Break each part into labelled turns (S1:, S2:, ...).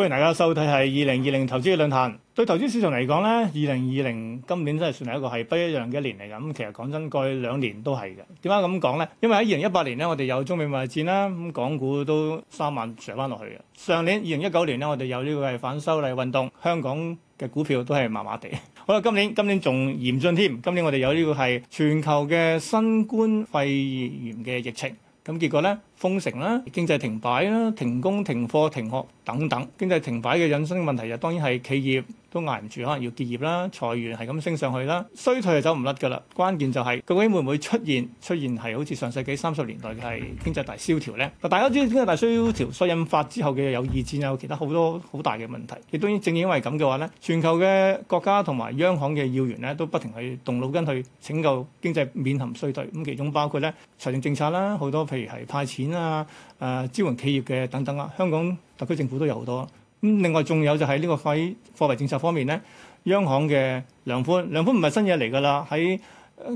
S1: 歡迎大家，收睇係二零二零投資嘅論壇。對投資市場嚟講呢二零二零今年真係算係一個係不一樣嘅一年嚟㗎。咁其實講真，過去兩年都係嘅。點解咁講呢？因為喺二零一八年呢，我哋有中美貿易戰啦，港股都三萬上返落去嘅。上年二零一九年呢，我哋有呢個係反修例運動，香港嘅股票都係麻麻地。好啦，今年今年仲嚴峻添，今年我哋有呢個係全球嘅新冠肺炎嘅疫情，咁結果呢？封城啦，經濟停擺啦，停工、停課、停學等等。經濟停擺嘅引申問題就當然係企業都捱唔住，可能要結業啦，裁員係咁升上去啦，衰退就走唔甩㗎啦。關鍵就係、是、究竟會唔會出現出現係好似上世紀三十年代嘅係經濟大蕭條呢？大家知道經濟大蕭條所引發之後嘅有二戰，有其他好多好大嘅問題。亦都正因為咁嘅話呢，全球嘅國家同埋央行嘅要員呢，都不停去動腦筋去拯救經濟免陷衰退。咁其中包括呢財政政策啦，好多譬如係派錢。啊！誒，支援企業嘅等等啊，香港特區政府都有好多咁、啊。另外仲有就係呢個喺貨幣政策方面咧，央行嘅量寬量寬唔係新嘢嚟噶啦。喺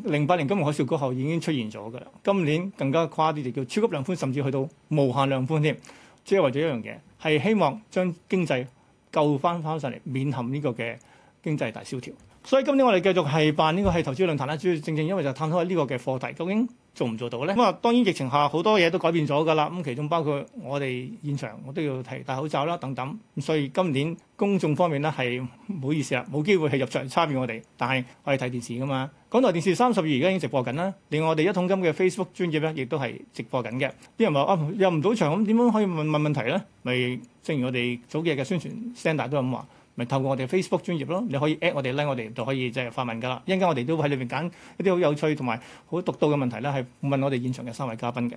S1: 零八年金融海嘯之後已經出現咗噶啦，今年更加誇啲，就叫超級量寬，甚至去到無限量寬添。即係為咗一樣嘢，係希望將經濟救翻翻上嚟，免陷呢個嘅經濟大蕭條。所以今年我哋繼續係辦呢個係投資論壇啦，主要正正因為就探討下呢個嘅課題，究竟做唔做到咧？咁啊，當然疫情下好多嘢都改變咗㗎啦。咁其中包括我哋現場，我都要提戴口罩啦，等等。咁所以今年公眾方面咧係唔好意思啦，冇機會係入場參與我哋，但係我哋睇電視㗎嘛。港台電視三十二而家已經直播緊啦。另外我哋一桶金嘅 Facebook 專頁咧，亦都係直播緊嘅。啲人話啊入唔到場，咁點樣可以問問問題咧？咪正如我哋早幾日嘅宣傳聲帶都咁話。咪透過我哋 Facebook 專頁咯，你可以 at 我哋咧，我哋、like、就可以即係發問噶啦。一陣間我哋都喺裏邊揀一啲好有趣同埋好獨到嘅問題咧，係問我哋現場嘅三位嘉賓嘅。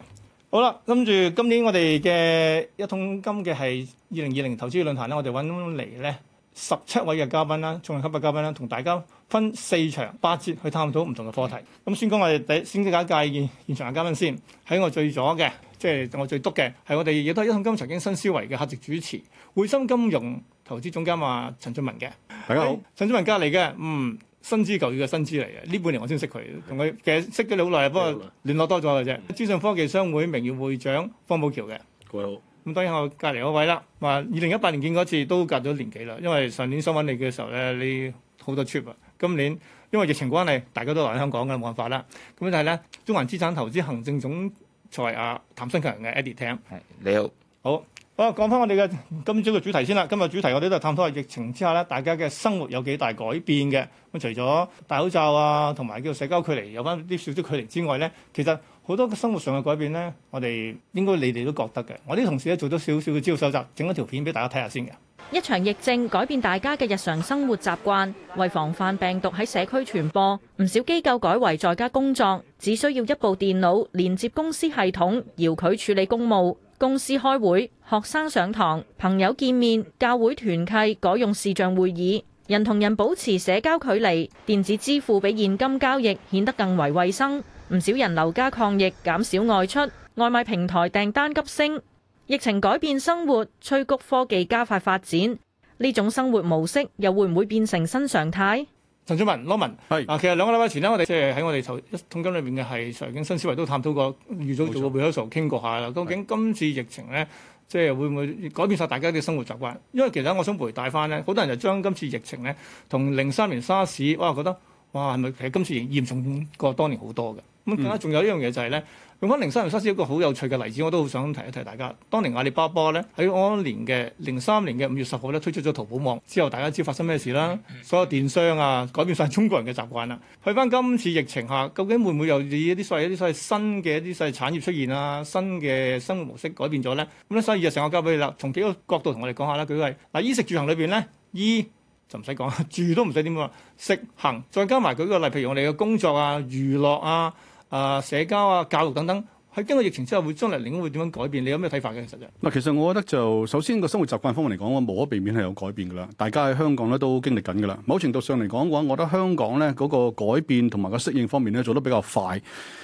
S1: 好啦，跟住今年我哋嘅一桶金嘅係二零二零投資論壇咧，我哋揾嚟咧十七位嘅嘉賓啦，重量級嘅嘉賓啦，同大家分四場八節去探討唔同嘅課題。咁先講我哋第一先得解介現場嘅嘉賓先喺我最左嘅，即係我最督嘅，係我哋亦都係一桶金曾經新思維嘅客席主持匯心金融。投資總監話，陳俊文嘅，大家好。陳俊文隔離嘅，嗯，新資舊月嘅新資嚟嘅。呢半年我先識佢，同佢其實識咗你好耐，不過聯絡多咗嘅啫。資訊科技商會名譽會長方保僑嘅，各位好。咁當然我隔離嗰位啦，話二零一八年見嗰次都隔咗年幾啦，因為上年想揾你嘅時候咧，你好多 trip 啊。今年因為疫情關係，大家都留喺香港嘅冇辦法啦。咁就係咧，中環資產投資行政總裁啊，譚新強嘅 Eddie Tam，你好，好。我講翻我哋嘅今朝嘅主題先啦。今日主題我哋都係探討下疫情之下咧，大家嘅生活有幾大改變嘅。咁除咗戴口罩啊，同埋叫社交距離有翻啲少少距離之外呢，其實好多生活上嘅改變呢，我哋應該你哋都覺得嘅。我啲同事咧做咗少少嘅資料蒐集，整咗條片俾大家睇下先嘅。一
S2: 場疫症改變大家嘅日常生活習慣，為防範病毒喺社區傳播，唔少機構改為在家工作，只需要一部電腦連接公司系統，遙距處理公務。公司開會、學生上堂、朋友見面、教會團契改用視像會議，人同人保持社交距離，電子支付比現金交易顯得更為衛生。唔少人留家抗疫，減少外出，外賣平台訂單急升。疫情改變生活，催谷科技加快發展。呢種生活模式又會唔會變成新常態？
S1: 陳俊文，羅文是，係啊，其實兩個禮拜前呢，我哋即係喺我哋頭一桶金裏面嘅係財經新思維都探討過預早做錯個 research 傾過下啦。究竟今次疫情咧，即係會唔會改變晒大家嘅生活習慣？因為其實我想帶回帶翻咧，好多人就將今次疫情咧同零三年沙士。r 哇，覺得，哇係咪其實今次嚴嚴重過當年好多嘅咁。更加仲有一樣嘢就係咧。用翻零三零三，是一個好有趣嘅例子，我都好想提一提大家。當年阿里巴巴咧，喺嗰年嘅零三年嘅五月十號咧推出咗淘寶網之後，大家知發生咩事啦？所有電商啊，改變晒中國人嘅習慣啦。去翻今次疫情下，究竟會唔會又以一啲所謂一啲所謂新嘅一啲所謂產業出現啊？新嘅生活模式改變咗咧？咁咧，所以就成個交俾你啦。從幾個角度同我哋講下啦。舉例，嗱衣食住行裏邊咧，衣就唔使講啦，住都唔使點啊，食行再加埋舉個例，譬如我哋嘅工作啊、娛樂啊。啊，社交啊，教育等等。喺經過疫情之後，會將來另外會點樣改變？你有咩睇法嘅？其
S2: 實就嗱，其實我覺得就首先個生活習慣方面嚟講嘅話，無可避免係有改變㗎啦。大家喺香港咧都經歷緊㗎啦。某程度上嚟講嘅話，我覺得香港咧嗰個改變同埋個適應方面咧做得比較快，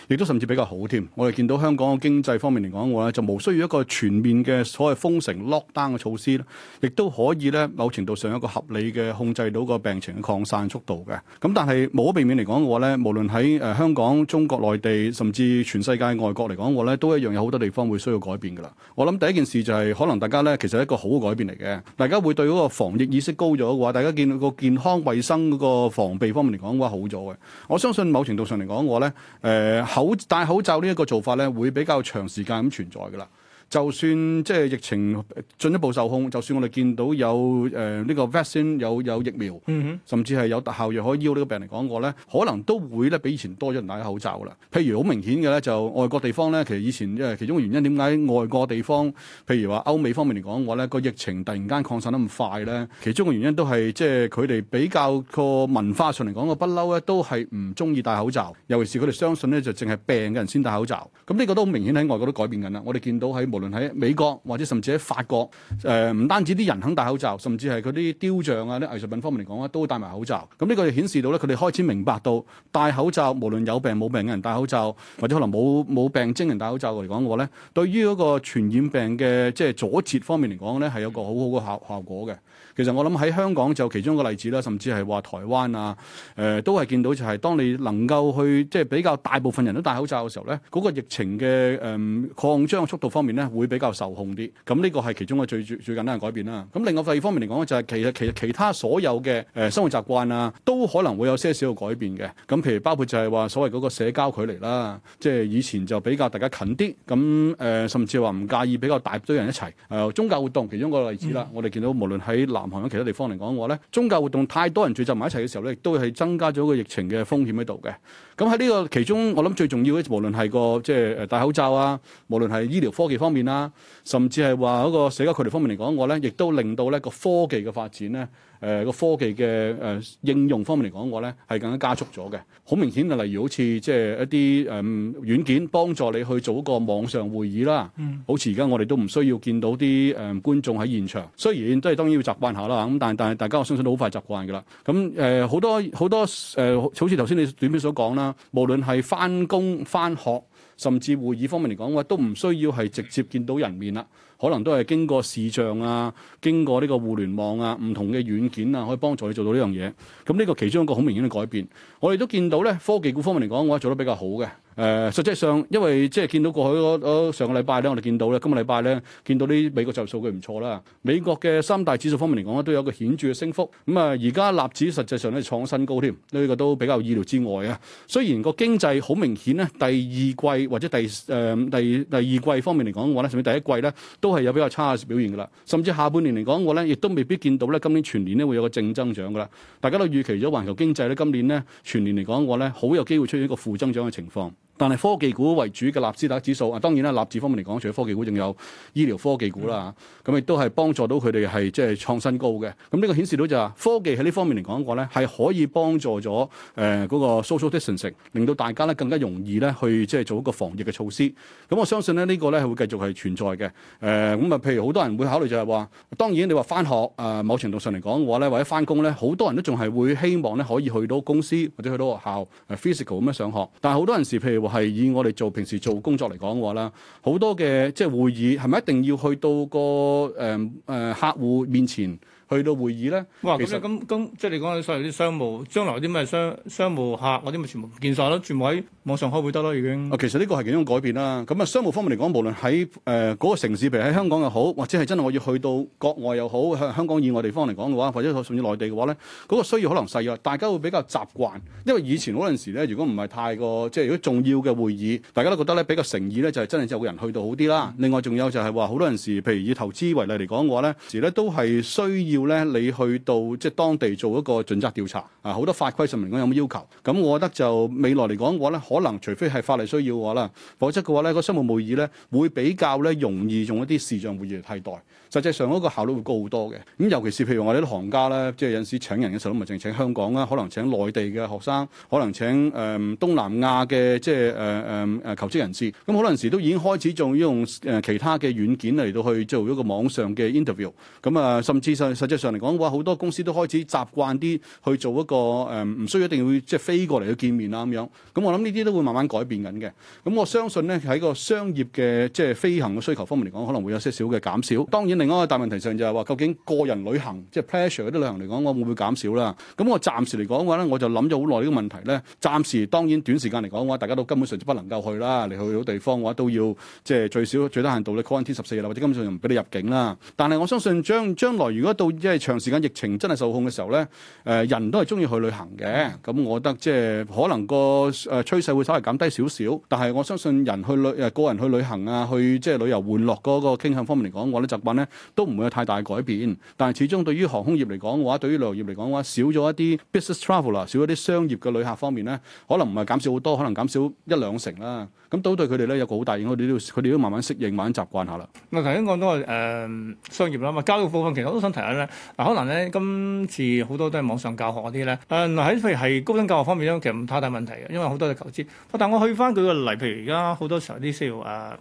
S2: 亦都甚至比較好添。我哋見到香港嘅經濟方面嚟講嘅話，就無需要一個全面嘅所謂封城 lockdown 嘅措施咧，亦都可以咧某程度上一個合理嘅控制到個病情嘅擴散速度嘅。咁但係無可避免嚟講嘅話咧，無論喺誒香港、中國內地，甚至全世界外國嚟講，講我咧都一樣，有好多地方會需要改變噶啦。我諗第一件事就係，可能大家咧其實一個好改變嚟嘅，大家會對嗰個防疫意識高咗嘅話，大家見到個健康衛生嗰個防備方面嚟講嘅話好咗嘅。我相信某程度上嚟講，嘅話咧誒口戴口罩呢一個做法咧會比較長時間咁存在噶啦。就算即係疫情進一步受控，就算我哋見到有誒呢、呃呢個 vaccine 有有疫苗，甚至係有特效藥可以醫呢個病人嚟講過呢，可能都會咧比以前多咗人戴口罩啦。譬如好明顯嘅呢，就外國地方呢，其實以前因為其中嘅原因點解外國地方譬如話歐美方面嚟講嘅話呢，個疫情突然間擴散得咁快呢，其中嘅原因都係即係佢哋比較個文化上嚟講嘅不嬲呢都係唔中意戴口罩，尤其是佢哋相信呢就淨係病嘅人先戴口罩。咁呢個都好明顯喺外國都改變緊啦。我哋見到喺無論。無論喺美國或者甚至喺法國，誒、呃、唔單止啲人肯戴口罩，甚至係嗰啲雕像啊、啲藝術品方面嚟講啊，都戴埋口罩。咁、嗯、呢、呢個就顯示到咧，佢哋開始明白到戴口罩，無論有病冇病嘅人戴口罩，或者可能冇冇病精人戴口罩嚟講嘅話咧，對於嗰個傳染病嘅即係阻截方面嚟講咧，係有個好好嘅效效果嘅。其實我諗喺香港就其中一個例子啦，甚至係話台灣啊，誒、呃、都係見到就係當你能夠去即係、就是、比較大部分人都戴口罩嘅時候咧，嗰、那個疫情嘅誒、呃、擴張嘅速度方面咧會比較受控啲。咁呢個係其中嘅最最簡單嘅改變啦。咁另外第二方面嚟講就係其實其實其、其他所有嘅誒、呃、生活習慣啊，都可能會有些少嘅改變嘅。咁譬如包括就係話所謂嗰個社交距離啦，即、就、係、是、以前就比較大家近啲，咁誒、呃、甚至係話唔介意比較大堆人一齊誒、呃、宗教活動，其中一個例子啦。嗯、我哋見到無論喺南南韓喺其他地方嚟講，我咧宗教活動太多人聚集埋一齊嘅時候咧，亦都係增加咗個疫情嘅風險喺度嘅。咁喺呢個其中，我諗最重要嘅，無論係個即係、就是、戴口罩啊，無論係醫療科技方面啦、啊，甚至係話嗰個社交距離方面嚟講，我咧亦都令到咧個科技嘅發展咧。誒個、呃、科技嘅誒、呃、應用方面嚟講，嘅話咧係更加加速咗嘅。好明顯嘅，例如好似即係一啲誒、呃、軟件幫助你去做一個網上會議啦。嗯、好似而家我哋都唔需要見到啲誒、呃、觀眾喺現場。雖然都係當然要習慣下啦，咁但係但係大家我相信都好快習慣㗎啦。咁誒好多好多誒、呃，好似頭先你短片所講啦，無論係翻工翻學，甚至會議方面嚟講，嘅話都唔需要係直接見到人面啦。可能都係經過視像啊，經過呢個互聯網啊，唔同嘅軟件啊，可以幫助你做到呢樣嘢。咁、這、呢個其中一個好明顯嘅改變，我哋都見到咧。科技股方面嚟講，我覺得做得比較好嘅。誒、呃，實際上因為即係見到過去嗰嗰、呃、上個禮拜咧，我哋見到咧，今個禮拜咧，見到呢美國就業數據唔錯啦。美國嘅三大指數方面嚟講咧，都有個顯著嘅升幅。咁、嗯、啊，而家納指實際上咧創新高添，呢、這個都比較意料之外啊。雖然個經濟好明顯咧，第二季或者第誒、呃、第二第二季方面嚟講嘅話咧，甚至第一季咧都。都係有比較差嘅表現㗎啦，甚至下半年嚟講，我咧亦都未必見到咧今年全年咧會有個正增長㗎啦。大家都預期咗環球經濟咧今年咧全年嚟講，我咧好有機會出現一個負增長嘅情況。但係科技股為主嘅納斯達指數啊，當然啦，納指方面嚟講，除咗科技股，仲有醫療科技股啦，咁亦、嗯、都係幫助到佢哋係即係創新高嘅。咁呢個顯示到就係、是、科技喺呢方面嚟講嘅話咧，係可以幫助咗誒嗰個 social distancing，令到大家咧更加容易咧去即係做一個防疫嘅措施。咁我相信咧呢、呢個咧係會繼續係存在嘅。誒咁啊，譬如好多人會考慮就係話，當然你話翻學誒、呃，某程度上嚟講嘅話咧，或者翻工咧，好多人都仲係會希望咧可以去到公司或者去到學校、呃、physical 咁樣上學。但係好多人士，譬如話，係以我哋做平時做工作嚟講嘅話啦，好多嘅即係會議，係咪一定要去到個誒誒、呃呃、客戶面前？去到會議咧，其實哇！咁、嗯、啊，咁、嗯、
S1: 咁，即係你講啲商務，將來啲咩商商務客嗰啲咪全部見晒咯，全部喺網上開會得咯，已經。啊，其
S2: 實呢個係幾種改變啦。咁啊，商務方面嚟講，無論喺誒嗰個城市，譬如喺香港又好，或者係真係我要去到國外又好，香港以外地方嚟講嘅話，或者甚至內地嘅話咧，嗰、那個需要可能細啊。大家會比較習慣，因為以前嗰陣時咧，如果唔係太過即係如果重要嘅會議，大家都覺得咧比較誠意咧，就係、是、真係有個人去到好啲啦。嗯、另外仲有就係話好多陣時，譬如以投資為例嚟講嘅話咧，時咧都係需要。咧，你去到即係、就是、當地做一個準則調查啊，好多法規上嚟講有冇要求？咁、啊、我覺得就未來嚟講，話咧可能除非係法例需要嘅話啦，否則嘅話咧，那個商業會議咧會比較咧容易用一啲視像會議嚟替代。實際上嗰個效率會高好多嘅。咁、啊、尤其是譬如我哋啲行家咧、啊，即係有時請人嘅時候，唔係淨請香港啦、啊，可能請內地嘅學生，可能請誒東南亞嘅即係誒誒誒求職人士。咁、啊、好多時都已經開始做用誒其他嘅軟件嚟到去做一個網上嘅 interview。咁啊，甚至上。實際上嚟講，哇，好多公司都開始習慣啲去做一個誒，唔、呃、需要一定要即係飛過嚟去見面啦咁樣。咁、嗯、我諗呢啲都會慢慢改變緊嘅。咁、嗯、我相信咧喺個商業嘅即係飛行嘅需求方面嚟講，可能會有些少嘅減少。當然另外一個大問題上就係話，究竟個人旅行即係 pleasure 嗰啲旅行嚟講、嗯，我會唔會減少啦？咁我暫時嚟講嘅話咧，我就諗咗好耐呢個問題咧。暫時當然短時間嚟講嘅話，大家都根本上就不能夠去啦。你去到地方嘅話，都要即係最少最低限度你 quarantine 十四日或者根本上就唔俾你入境啦。但係我相信將將來如果將來如果將來到因為長時間疫情真係受控嘅時候咧，誒人都係中意去旅行嘅。咁我覺得即係可能個誒趨勢會稍微減低少少，但係我相信人去旅誒個人去旅行啊，去即係旅遊玩樂嗰個傾向方面嚟講，我啲習慣咧都唔會有太大改變。但係始終對於航空業嚟講嘅話，對於旅遊業嚟講嘅話，少咗一啲 business traveller，少咗啲商業嘅旅客方面咧，可能唔係減少好多，可能減少一兩成啦。咁都對佢哋咧有個好大影響，佢哋都要慢慢適應，慢慢習慣下啦。
S1: 我頭先講到誒商業啦，咪教育部分其實我都想提下咧。嗱，可能咧今次好多都係網上教學嗰啲咧，誒喺譬如係高等教學方面咧，其實唔太大問題嘅，因為好多都係求知。但我去翻佢個例，譬如而家好多時候啲叫誒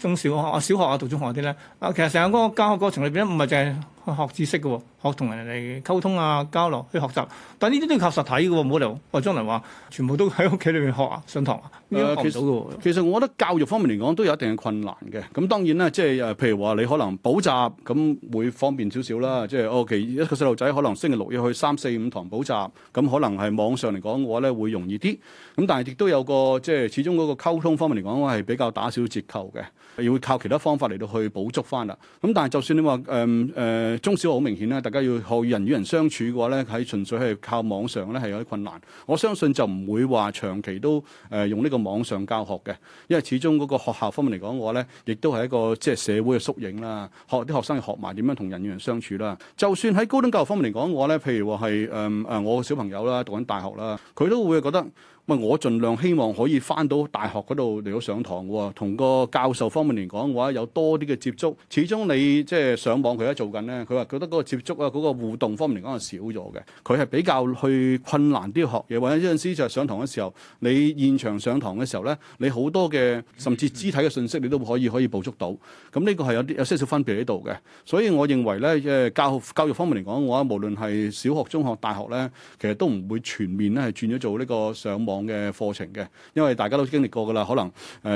S1: 中小學啊、小學啊、讀中學嗰啲咧，啊其實成個嗰教學過程裏邊唔係淨係學知識嘅，學同人哋溝通啊、交流去學
S2: 習，但係呢啲都要靠實體嘅，冇理由嚟，將來話，全部都喺屋企裏面學啊、上堂啊，呢啲
S3: 學唔到
S1: 嘅。
S2: 呃其，其實我覺得教育方面嚟講都有一定嘅困難嘅。咁當然咧，即係誒，譬如話你可能補習，咁會方便少少啦。即係哦，其一個細路仔可能星期六要去三四五堂補習，咁可能係網上嚟講嘅話咧，會容易啲。咁但係亦都有個即係、就是、始終嗰個溝通方面嚟講，係比較打少折扣嘅，要靠其他方法嚟到去補足翻啦。咁但係就算你話誒誒，呃呃呃中小學好明顯啦，大家要學人與人相處嘅話咧，喺純粹係靠網上咧係有啲困難。我相信就唔會話長期都誒用呢個網上教學嘅，因為始終嗰個學校方面嚟講嘅話咧，亦都係一個即係社會嘅縮影啦。學啲學生要學埋點樣同人與人相處啦。就算喺高等教育方面嚟講嘅話咧，譬如話係誒誒我嘅小朋友啦，讀緊大學啦，佢都會覺得。我盡量希望可以翻到大學嗰度嚟到上堂喎，同個教授方面嚟講嘅話，有多啲嘅接觸。始終你即係、就是、上網佢喺做緊呢，佢話覺得嗰個接觸啊，嗰、那個互動方面嚟講係少咗嘅。佢係比較去困難啲學嘢，或者有陣時就係上堂嘅時候，你現場上堂嘅時候呢，你好多嘅甚至肢體嘅信息你都可以可以捕捉到。咁呢個係有啲有些少分別喺度嘅。所以我認為呢，即教教育方面嚟講嘅話，無論係小學、中學、大學呢，其實都唔會全面咧係轉咗做呢個上網嘅課程嘅，因為大家都經歷過㗎啦，可能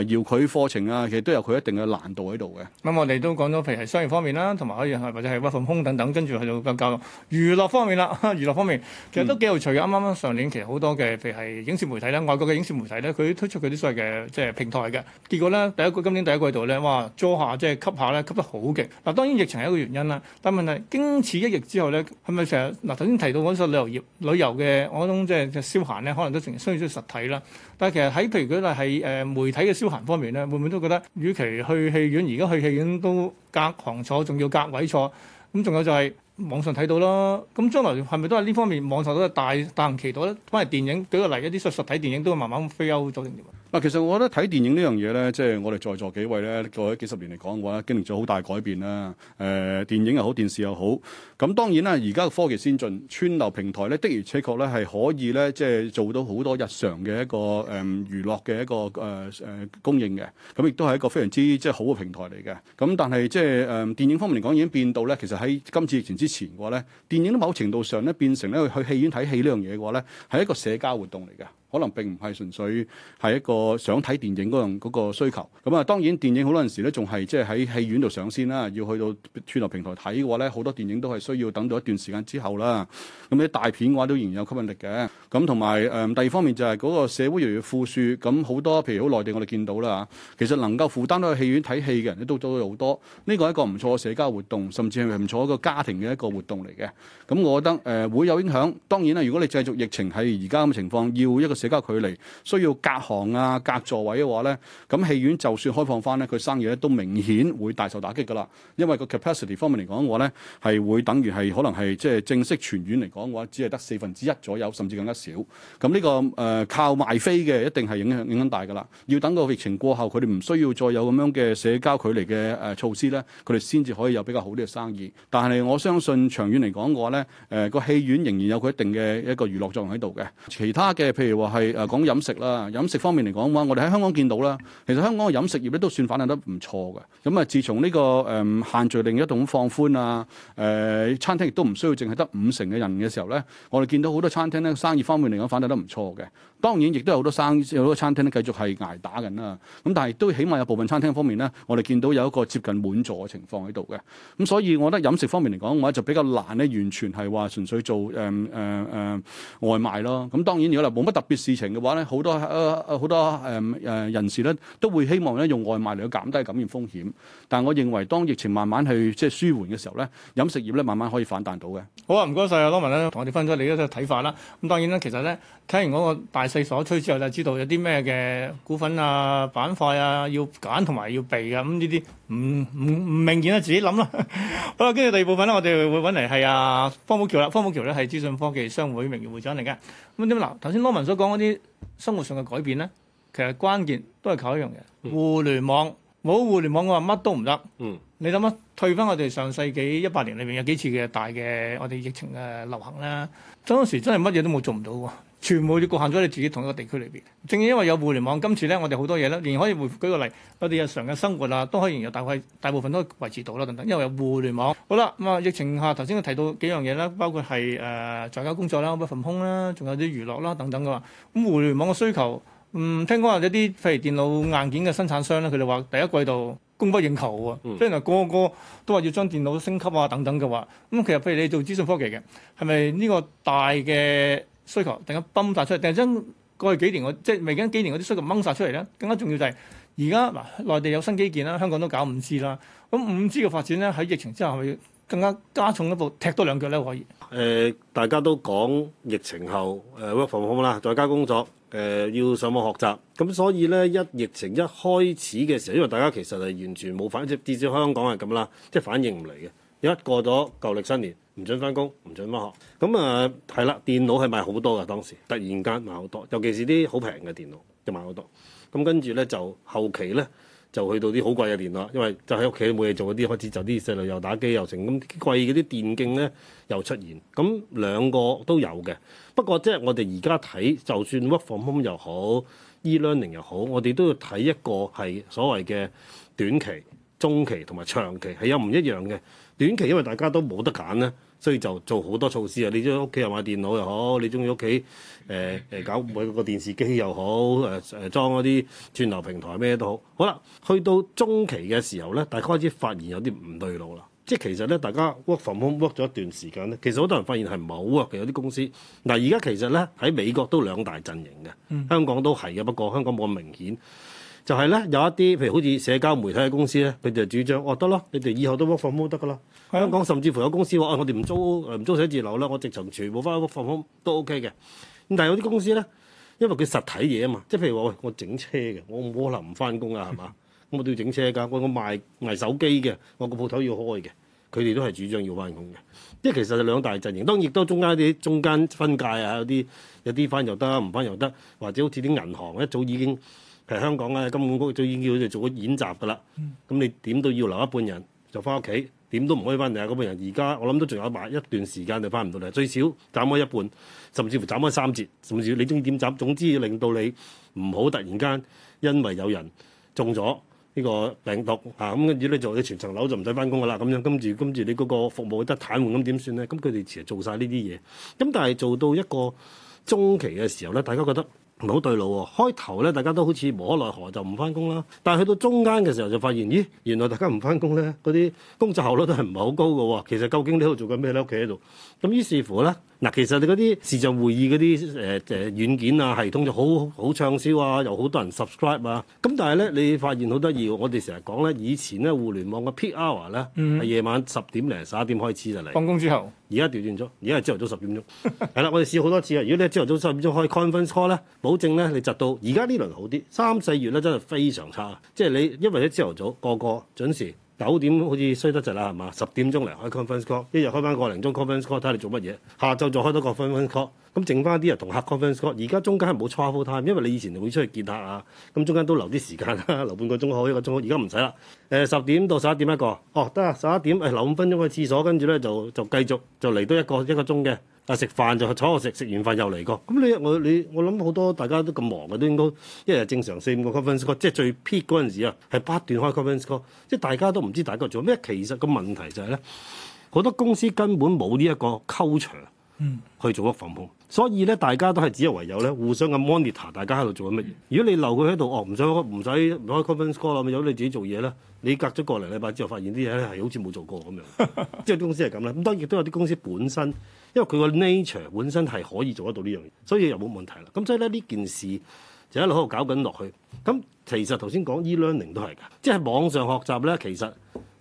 S2: 誒要佢課程啊，其實都有佢一定嘅難度喺度嘅。
S1: 咁我哋都講咗，譬如係商業方面啦，同埋可以係或者係挖防空等等，跟住去到教娛樂方面啦。娛樂方面其實都幾有趣嘅。啱啱上年其實好多嘅，譬如係影視媒體啦，外國嘅影視媒體咧，佢推出佢啲所謂嘅即係平台嘅，結果咧第一個今年第一季度咧，哇，租下即係吸下咧，吸得好勁。嗱，當然疫情係一個原因啦，但問題經此一役之後咧，係咪成日嗱頭先提到嗰個旅遊業、旅遊嘅我種即係即係消閒咧，可能都成商實體啦，但係其實喺譬如舉例係誒媒體嘅消閒方面咧，會唔會都覺得，與其去戲院，而家去戲院都隔行坐，仲要隔位坐，咁仲有就係網上睇到囉。咁將來係咪都係呢方面網上都係大大行其道咧？反而電影舉個例，一啲實實體電影都會慢慢飛歐咗定點？
S2: 嗱，其實我覺得睇電影呢樣嘢咧，即係我哋在座幾位咧，過去幾十年嚟講嘅話咧，經歷咗好大改變啦。誒，電影又好，電視又好，咁當然啦，而家嘅科技先進，串流平台咧，的而且確咧係可以咧，即係做到好多日常嘅一個誒娛樂嘅一個誒誒供應嘅。咁亦都係一個非常之即係好嘅平台嚟嘅。咁但係即係誒電影方面嚟講已經變到咧，其實喺今次疫情之前嘅話咧，電影某程度上咧變成咧去戲院睇戲呢樣嘢嘅話咧，係一個社交活動嚟嘅。可能並唔係純粹係一個想睇電影嗰樣嗰個需求。咁啊，當然電影好多陣時咧，仲係即係喺戲院度上先啦，啊，要去到串流平台睇嘅話咧，好多電影都係需要等到一段時間之後啦。咁啲大片嘅話都仍然有吸引力嘅。咁同埋誒第二方面就係嗰個社會越來越富庶，咁好多譬如好內地我哋見到啦嚇，其實能夠負擔到去戲院睇戲嘅人都都好多。呢個係一個唔錯嘅社交活動，甚至係唔錯一個家庭嘅一個活動嚟嘅。咁我覺得誒、呃、會有影響，當然啦，如果你繼續疫情係而家咁嘅情況要一個社交距離需要隔行啊、隔座位嘅話咧，咁戲院就算開放翻咧，佢生意咧都明顯會大受打擊噶啦。因為個 capacity 方面嚟講嘅話咧，係會等於係可能係即係正式全院嚟講嘅話，只係得四分之一左右，甚至更加少。咁呢、這個誒、呃、靠賣飛嘅一定係影響影響大噶啦。要等個疫情過後，佢哋唔需要再有咁樣嘅社交距離嘅誒措施咧，佢哋先至可以有比較好啲嘅生意。但係我相信長遠嚟講嘅話咧，誒、呃、個戲院仍然有佢一定嘅一個娛樂作用喺度嘅。其他嘅譬如話，係誒講飲食啦，飲食方面嚟講嘅話，我哋喺香港見到啦，其實香港嘅飲食業咧都算反彈得唔錯嘅。咁啊，自從呢、這個誒、呃、限聚令一度放寬啊，誒、呃、餐廳亦都唔需要淨係得五成嘅人嘅時候咧，我哋見到好多餐廳咧生意方面嚟講反彈得唔錯嘅。當然亦都有好多生，好多餐廳咧繼續係捱打緊啦。咁但係都起碼有部分餐廳方面咧，我哋見到有一個接近滿座嘅情況喺度嘅。咁所以我覺得飲食方面嚟講嘅話，就比較難咧，完全係話純粹做誒誒誒外賣咯。咁當然如果嗱冇乜特別事情嘅話咧，好多好多誒誒人士咧都會希望咧用外賣嚟到減低感染風險。但我認為當疫情慢慢去即係舒緩嘅時候咧，飲食業咧慢慢可以反彈到嘅。
S1: 好啊，唔該晒啊俊文咧同我哋分享你一啲睇法啦。咁當然啦，其實咧聽完嗰個大。四所趨之後，就知道有啲咩嘅股份啊、板塊啊要揀同埋要避嘅。咁呢啲唔唔唔明顯啊，自己諗啦。 好啦，跟住第二部分啦，我哋會揾嚟係阿方保僑啦。方保僑咧係資訊科技商會名譽會長嚟嘅。咁點嗱？頭先羅文所講嗰啲生活上嘅改變咧，其實關鍵都係靠一樣嘢，嗯、互聯網。冇互聯網、啊，我話乜都唔得。嗯。你諗下，退翻我哋上世紀一百年裏邊有幾次嘅大嘅我哋疫情嘅流行啦，當時真係乜嘢都冇做唔到喎。全部要局限咗你自己同一個地區裏邊，正因為有互聯網，今次咧我哋好多嘢咧仍可以回復。舉個例，我哋日常嘅生活啊，都可以仍然大部大部分都可以維持到啦等等。因為有互聯網好啦。咁、嗯、啊，疫情下頭先我提到幾樣嘢啦，包括係誒、呃、在家工作啦、乜份空啦，仲有啲娛樂啦等等嘅話，咁、嗯、互聯網嘅需求，嗯，聽講話一啲譬如電腦硬件嘅生產商咧，佢哋話第一季度供不應求喎，雖然係、嗯、個個都話要將電腦升級啊等等嘅話，咁、嗯、其實譬如你做資訊科技嘅，係咪呢個大嘅？需求突然間崩發出嚟，突然間將過去幾年即係未經幾年嗰啲需求掹曬出嚟咧。更加重要就係而家嗱，內地有新基建啦，香港都搞五 G 啦。咁五 G 嘅發展咧，喺疫情之下係咪更加加重一步，踢多兩腳咧？可以？
S3: 誒、呃，大家都講疫情後誒、呃、work from home 啦，在家工作誒、呃、要上網學習。咁所以咧，一疫情一開始嘅時候，因為大家其實係完全冇反應，即係至少香港係咁啦，即係反應唔嚟嘅。一過咗舊歷新年。唔准翻工，唔准翻學，咁啊係啦，電腦係買好多噶，當時突然間買好多，尤其是啲好平嘅電腦，就買好多。咁、嗯、跟住咧就後期咧就去到啲好貴嘅電腦，因為就喺屋企冇嘢做嗰啲，開始就啲細路又打機又成，咁貴嗰啲電競咧又出現，咁、嗯、兩個都有嘅。不過即係、就是、我哋而家睇，就算 work from home 又好，e-learning 又好，我哋都要睇一個係所謂嘅短期、中期同埋長期係有唔一樣嘅。短期因為大家都冇得揀咧，所以就做好多措施啊！你中意屋企又買電腦又好，你中意屋企誒誒搞每個電視機又好誒誒、呃、裝嗰啲串流平台咩都好。好啦，去到中期嘅時候咧，大家開始發現有啲唔對路啦。即係其實咧，大家 work from home work 咗一段時間咧，其實好多人發現係唔 work 嘅。其實有啲公司嗱，而家其實咧喺美國都兩大陣營嘅，香港都係嘅，不過香港冇咁明顯。就係咧，有一啲譬如好似社交媒體嘅公司咧，佢哋就主張哦，得咯，你哋以後都 work from home 得噶啦。的香港甚至乎有公司話，哦，我哋唔租唔租寫字樓啦，我直情全部翻 work from home 都 OK 嘅。咁但係有啲公司咧，因為佢實體嘢啊嘛，即係譬如話，我整車嘅，我冇可能唔翻工啊，係嘛？我都要整車噶。我我賣賣手機嘅，我個鋪頭要開嘅，佢哋都係主張要翻工嘅。即係其實兩大陣營，當然亦都中間啲中間分界啊，有啲有啲翻又得，唔翻又得，或者好似啲銀行一早已經。其實香港嘅金管局最緊要就已經叫做個演習噶啦，咁、嗯、你點都要留一半人就翻屋企，點都唔可以翻嚟啊！嗰半人而家我諗都仲有一埋一段時間就翻唔到嚟，最少斬開一半，甚至乎斬開三折，甚至你中意點斬，總之要令到你唔好突然間因為有人中咗呢個病毒嚇，咁跟住咧就你做全層樓就唔使翻工噶啦，咁樣跟住跟住你嗰個服務得癱瘓咁點算咧？咁佢哋其實做晒呢啲嘢，咁但係做到一個中期嘅時候咧，大家覺得。唔好對路喎！開頭咧，大家都好似無可奈何，就唔翻工啦。但係去到中間嘅時候，就發現咦，原來大家唔翻工咧，嗰啲工作效率都係唔係好高嘅喎。其實究竟呢度做緊咩咧？屋企喺度。咁於是乎咧，嗱，其實你嗰啲視像會議嗰啲誒誒軟件啊系統就好好暢銷啊，又好多人 subscribe 啊。咁但係咧，你發現好得意，我哋成日講咧，以前咧互聯網嘅 peak hour 咧係夜晚十點零十一點開始就嚟，放、嗯、工之後。而家調轉咗，而家係朝頭早十點鐘，係啦，我哋試好多次啊！如果你朝頭早十點鐘開 conference call 咧，保證呢，你賺到。而家呢輪好啲，三四月咧真係非常差，即係你，因為喺朝頭早個個準時。九點好似衰得滯啦，係嘛？十點鐘嚟開 conference call，一日開翻個零鐘 conference call，睇你做乜嘢。下晝再開多個 conference call，咁剩翻啲人同客 conference call。而家中間係冇 travel time，因為你以前就會出去見客啊，咁中間都留啲時間啦， 留半個鐘好，一個鐘好。而家唔使啦。誒、呃，十點到十一點一個，哦得啊，十一點誒、哎、留五分鐘去廁所，跟住咧就就繼續就嚟多一個一個鐘嘅。啊！食飯就去坐喺度食，食完飯又嚟過。咁你我你我諗好多，大家都咁忙嘅，都應該一日正常四、五個 conference call。即係最 peak 嗰陣時啊，係不斷開 conference call。即係大家都唔知大家做咩。其實個問題就係、是、咧，好多公司根本冇呢一個 culture。嗯，去做一份工，所以咧大家都係只有唯有咧互相嘅 monitor 大家喺度做緊乜嘢。如果你留佢喺度，哦唔想唔使唔使開 conference call 啦，咁如果你自己做嘢咧，你隔咗個零禮拜之後發現啲嘢咧係好似冇做過咁樣，即係啲公司係咁啦。咁當然都有啲公司本身，因為佢個 nature 本身係可以做得到呢樣嘢，所以又冇問題啦。咁所以咧呢件事就一路喺度搞緊落去。咁其實頭先講 e-learning 都係㗎，即係網上學習咧，其實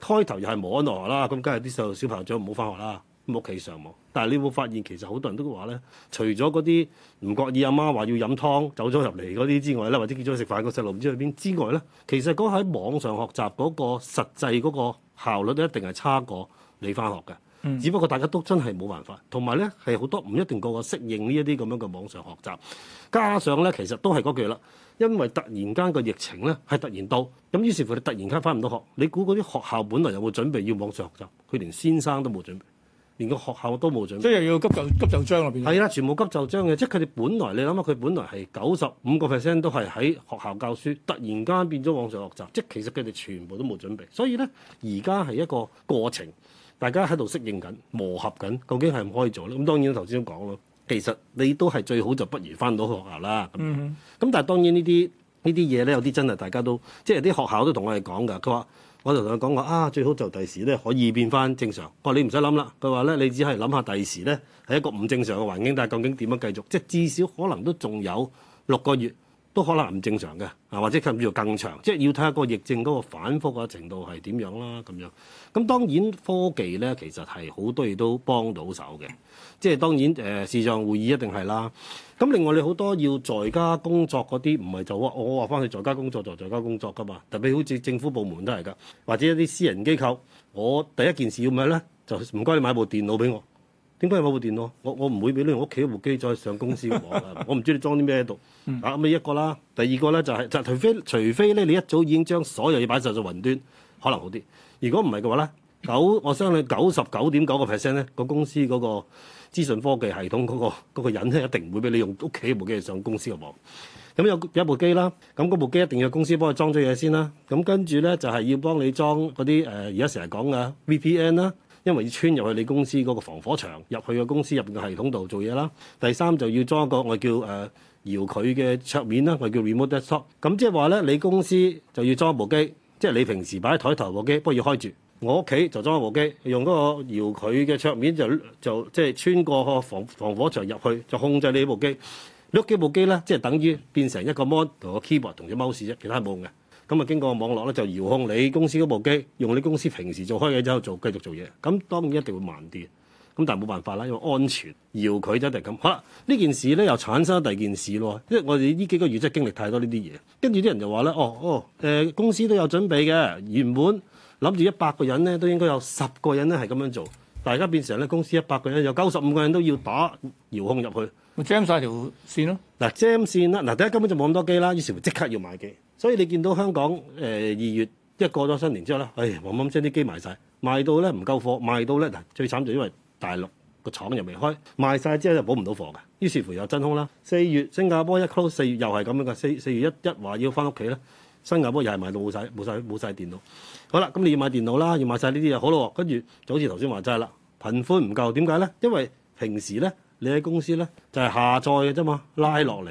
S3: 開頭又係無奈學啦。咁梗係啲細路小朋友就唔好翻學啦。屋企上網，但係你有冇發現？其實好多人都話咧，除咗嗰啲唔覺意阿媽話要飲湯走咗入嚟嗰啲之外咧，或者叫咗食飯個細路唔知去邊之外咧，其實嗰喺網上學習嗰個實際嗰個效率一定係差過你翻學嘅。嗯，只不過大家都真係冇辦法，同埋咧係好多唔一定個個適應呢一啲咁樣嘅網上學習，加上咧其實都係嗰句啦，因為突然間個疫情咧係突然到咁，於是乎你突然間翻唔到學，你估嗰啲學校本來有冇準備要網上學習？佢連先生都冇準備。連個學校都冇準備，即係又要急就急就章啊！變係啦，全部急就章嘅，即係佢哋本來你諗下，佢本來係九十五個 percent 都係喺學校教書，突然間變咗網上學習，即係其實佢哋全部都冇準備，所以咧而家係一個過程，大家喺度適應緊、磨合緊，究竟係唔可以做咧？咁當然頭先都講咯，其實你都係最好，就不如翻到學校啦。嗯哼，咁但係當然呢啲呢啲嘢咧，有啲真係大家都即係啲學校都同我哋講噶，佢話。我就同佢講話啊，最好就第時咧可以變翻正常。我話你唔使諗啦，佢話咧你只係諗下第時咧係一個唔正常嘅環境，但係究竟點樣繼續？即係至少可能都仲有六個月。都可能唔正常嘅，啊或者甚至乎更長，即係要睇下個疫症嗰個反覆嘅程度係點樣啦咁樣。咁當然科技咧其實係好多嘢都幫到手嘅，即係當然誒、呃、視像會議一定係啦。咁另外你好多要在家工作嗰啲，唔係就話我話翻去在家工作就在家工作㗎嘛。特別好似政府部門都係㗎，或者一啲私人機構，我第一件事要咩咧？就唔該你買部電腦俾我。點解有部電腦？我我唔會俾你用屋企部機再上公司嘅網啊！我唔知你裝啲咩喺度。啊咁，你一個啦，第二個咧就係、係、就除非除非咧你一早已經將所有嘢擺上咗雲端，可能好啲。如果唔係嘅話咧，九我相信九十九點九個 percent 咧，個公司嗰個資訊科技系統嗰、嗰個、嗰個人咧一定唔會俾你用屋企部機上公司嘅網。咁有有一部機啦，咁嗰部機一定要公司幫你裝咗嘢先啦。咁跟住咧就係、係、要幫你裝嗰啲誒，而家成日講嘅 VPN 啦。因為要穿入去你公司嗰個防火牆入去個公司入邊嘅系統度做嘢啦。第三就要裝一個我叫誒、uh, 搖佢嘅桌面啦，我叫 remote desktop 咁即係話咧，你公司就要裝一部機，即係你平時擺喺台頭部機，不過要開住。我屋企就裝一部機，用嗰個搖佢嘅桌面就就即係、就是、穿過個防防火牆入去，就控制你部機。碌、這、幾、個、部機咧，即係等於變成一個, mon, 一個, board, 一個 monitor 同個 keyboard 同隻 mouse 啫，其他冇用嘅。咁啊，經過網絡咧，就遙控你公司嗰部機，用你公司平時做開嘅之後做繼續做嘢。咁當然一定會慢啲，咁但係冇辦法啦，因為安全，遙佢都一定咁。好啦，呢件事咧又產生第二件事咯，因為我哋呢幾個月真係經歷太多呢啲嘢。跟住啲人就話咧，哦哦，誒、呃、公司都有準備嘅，原本諗住一百個人咧都應該有十個人咧係咁樣做，但而家變成咧公司一百個人有九十五個人都要打遙控入去，我 jam 曬條線咯。嗱 jam 線啦，嗱第一根本就冇咁多機啦，於是即刻要買機。所以你見到香港誒二、呃、月一過咗新年之後咧，哎，猛猛將啲機賣晒，賣到咧唔夠貨，賣到咧嗱最慘就因為大陸個廠又未開，賣晒之後就補唔到貨嘅，於是乎有真空啦。四月新加坡一 close，四月又係咁樣㗎。四四月一一話要翻屋企咧，新加坡又係賣到冇曬冇晒冇曬電腦。好啦，咁你要買電腦啦，要買晒呢啲嘢，好咯、哦，跟住就好似頭先話齋啦，頻寬唔夠點解咧？因為平時咧你喺公司咧就係、是、下載嘅啫嘛，拉落嚟。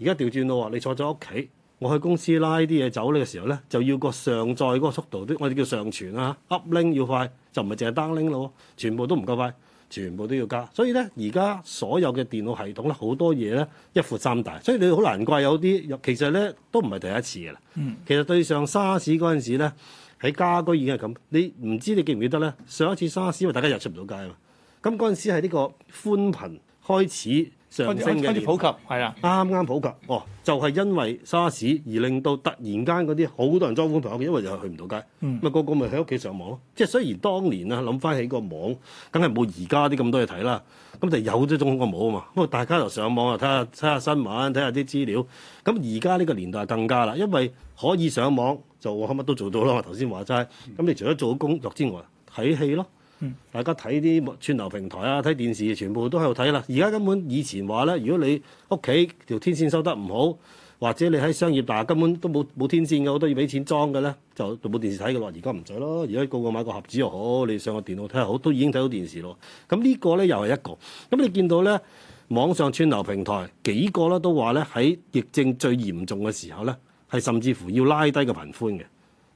S3: 而家調轉咯，你坐咗屋企。我去公司拉啲嘢走你嘅時候咧，就要個上載嗰個速度，我哋叫上傳啊，uplink 要快，就唔係淨係 downlink 咯，全部都唔夠快，全部都要加。所以咧，而家所有嘅電腦系統咧，好多嘢咧一闊三大，所以你好難怪有啲其實咧都唔係第一次嘅啦。其實對上沙士嗰陣時咧，喺家居已經係咁。你唔知你記唔記得咧？上一次沙士，因為大家又出唔到街啊嘛。咁嗰陣時係呢個寬頻開始。上升嘅，啱啱普，普及，哦，就係、是、因為沙士而令到突然間嗰啲好多人裝寬頻，因為又去唔到街，咪、嗯、個個咪喺屋企上網咯。即係雖然當年啊諗翻起個網，梗係冇而家啲咁多嘢睇啦，咁就有啲仲好過冇啊嘛。不過大家就上網啊，睇下睇下新聞，睇下啲資料。咁而家呢個年代更加啦，因為可以上網就乜都做到啦。我頭先話齋，咁你除咗做工作之外，睇戲咯。嗯，大家睇啲串流平台啊，睇電視全部都喺度睇啦。而家根本以前話咧，如果你屋企條天線收得唔好，或者你喺商業大根本都冇冇天線嘅，我都要俾錢裝嘅咧，就冇電視睇嘅咯。而家唔使咯，而家個個買個盒子又好，你上個電腦睇下好，都已經睇到電視咯。咁呢個咧又係一個。咁你見到咧，網上串流平台幾個咧都話咧，喺疫症最嚴重嘅時候咧，係甚至乎要拉低個頻寬嘅，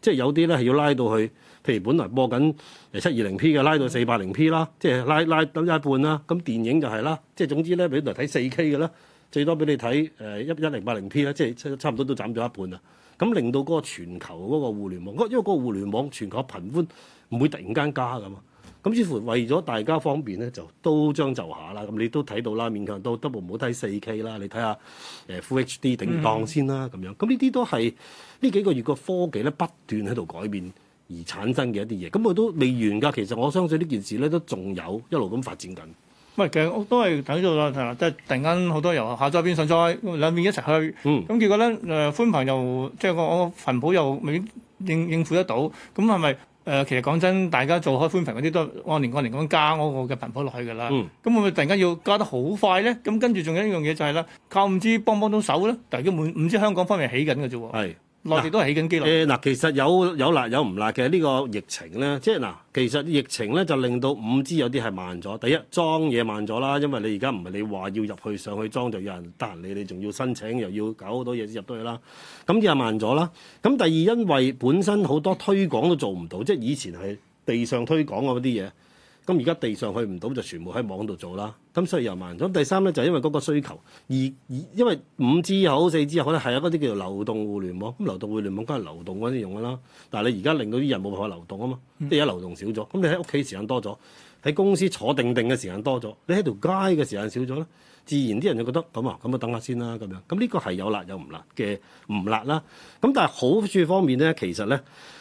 S3: 即係有啲咧係要拉到去。譬如本來播緊誒七二零 P 嘅，拉到四百零 P 啦，即係拉拉等一半啦。咁電影就係、是、啦，即係總之咧，本來睇四 K 嘅啦，最多俾你睇誒一一零八零 P 啦，即係差差唔多都斬咗一半啊。咁令到嗰個全球嗰個互聯網，因為嗰個互聯網全球頻寬唔會突然間加噶嘛。咁似乎為咗大家方便咧，就都將就下啦。咁你都睇到啦，勉強都 double 唔好睇四 K 啦。你睇下誒 Full HD 頂檔先啦，咁樣咁呢啲都係呢幾個月個科技咧不斷喺度改變而產生嘅一啲嘢，咁佢都未完㗎。其實我相信呢件事咧都仲有一路咁發展緊。唔係，其實我都係睇到啦，即係突
S1: 然間好多由下載變上載，兩邊一齊去。嗯。咁結果咧，誒寬頻又即係我個頻譜又未應應付得到，咁係咪誒？其實講真，大家做開寬頻嗰啲都按年按年咁加嗰個嘅頻譜落去㗎啦。嗯。咁會唔會突然間要加得好快咧？咁跟住仲有一樣嘢就係啦，靠唔知幫幫到手咧？但係都唔知香港方面起緊㗎啫喎。係。
S3: 我哋都係起緊機啦。誒嗱，其實有有辣有唔辣嘅呢個疫情咧，即係嗱，其實疫情咧就令到 5G 有啲係慢咗。第一，裝嘢慢咗啦，因為你而家唔係你話要入去上去裝就有人得閒你，你仲要申請又要搞好多嘢先入到去啦。咁又慢咗啦。咁第二，因為本身好多推廣都做唔到，即係以前係地上推廣嗰啲嘢。咁而家地上去唔到就全部喺網度做啦，咁所以又慢。咁第三咧就係因為嗰個需求而因為五 G 又好四 G 又好咧，係啊啲叫做流動互聯網。咁流動互聯網梗係流動嗰啲用噶啦。但係你而家令到啲人冇辦法流動啊嘛，即係而家流動少咗。咁你喺屋企時間多咗，喺公司坐定定嘅時間多咗，你喺條街嘅時間少咗咧，自然啲人就覺得咁啊，咁啊等下先啦咁樣。咁呢個係有辣有唔辣嘅唔辣啦。咁但係好處方面咧，其實咧。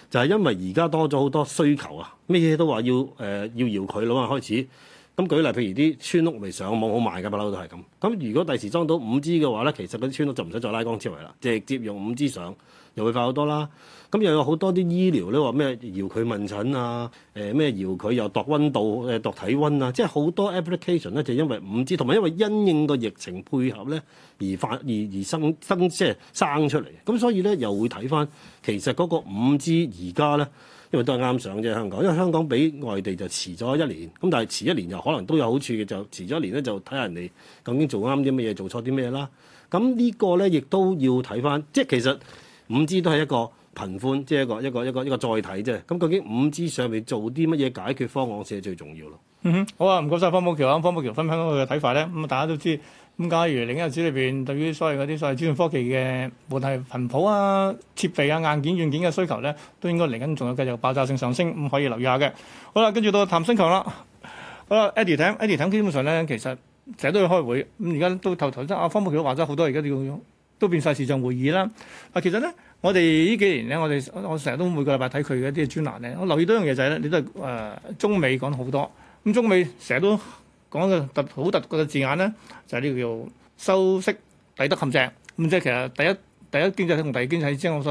S3: 就係因為而家多咗好多需求啊，咩嘢都話要誒、呃、要遙距囉啊開始。咁舉例，譬如啲村屋嚟上網好慢嘅，不嬲都係咁。咁如果第時裝到五 G 嘅話咧，其實嗰啲村屋就唔使再拉光纖維啦，直接用五 G 上。又會快好多啦！咁又有好多啲醫療咧，話咩遙距問診啊？誒、呃、咩遙距又度溫度溫度誒度體溫啊？即係好多 application 咧，就因為五 G 同埋因為因應個疫情配合咧而發而而生生即係生，生，生出嚟，咁所以咧又會睇翻其實嗰個五 G 而家咧，因為都係啱上啫。香港因為香港比外地就遲咗一年，咁但係遲一年又可能都有好處嘅，就遲咗一年咧就睇下人哋究竟做啱啲乜嘢，做錯啲咩啦。咁呢個咧亦都要睇翻，即係其實。五 G 都係一個頻寬，即、就、係、是、一個一個一個一個載體啫。咁究竟五 G 上面做啲乜嘢解決方案先係最重要咯？哼、嗯，好啊，唔該晒方保僑啊，方保僑分享緊佢嘅睇法咧。咁、嗯、大家都知，
S1: 咁、嗯、假如另一隻裏邊對於所有嗰啲所謂專用科技嘅，無論係頻譜啊、設備啊、硬件、軟件嘅需求咧，都應該嚟緊仲有繼續爆炸性上升，咁可以留意下嘅。好啦、啊，跟住到譚新強啦。好啦，Eddie 睇，Eddie 睇，基本上咧其實成日都要開會。咁而家都頭頭即方保僑話咗好多，而家啲咁樣。都變晒視像會議啦！啊，其實咧，我哋呢幾年咧，我哋我成日都每個禮拜睇佢嘅一啲專欄咧，我留意到樣嘢就係、是、咧，你都係誒中美講好多。咁中美成日都講一個特好特別嘅字眼咧，就係呢個叫修昔底德陷阱。咁、嗯、即係其實第一第一經濟同第二經濟即係我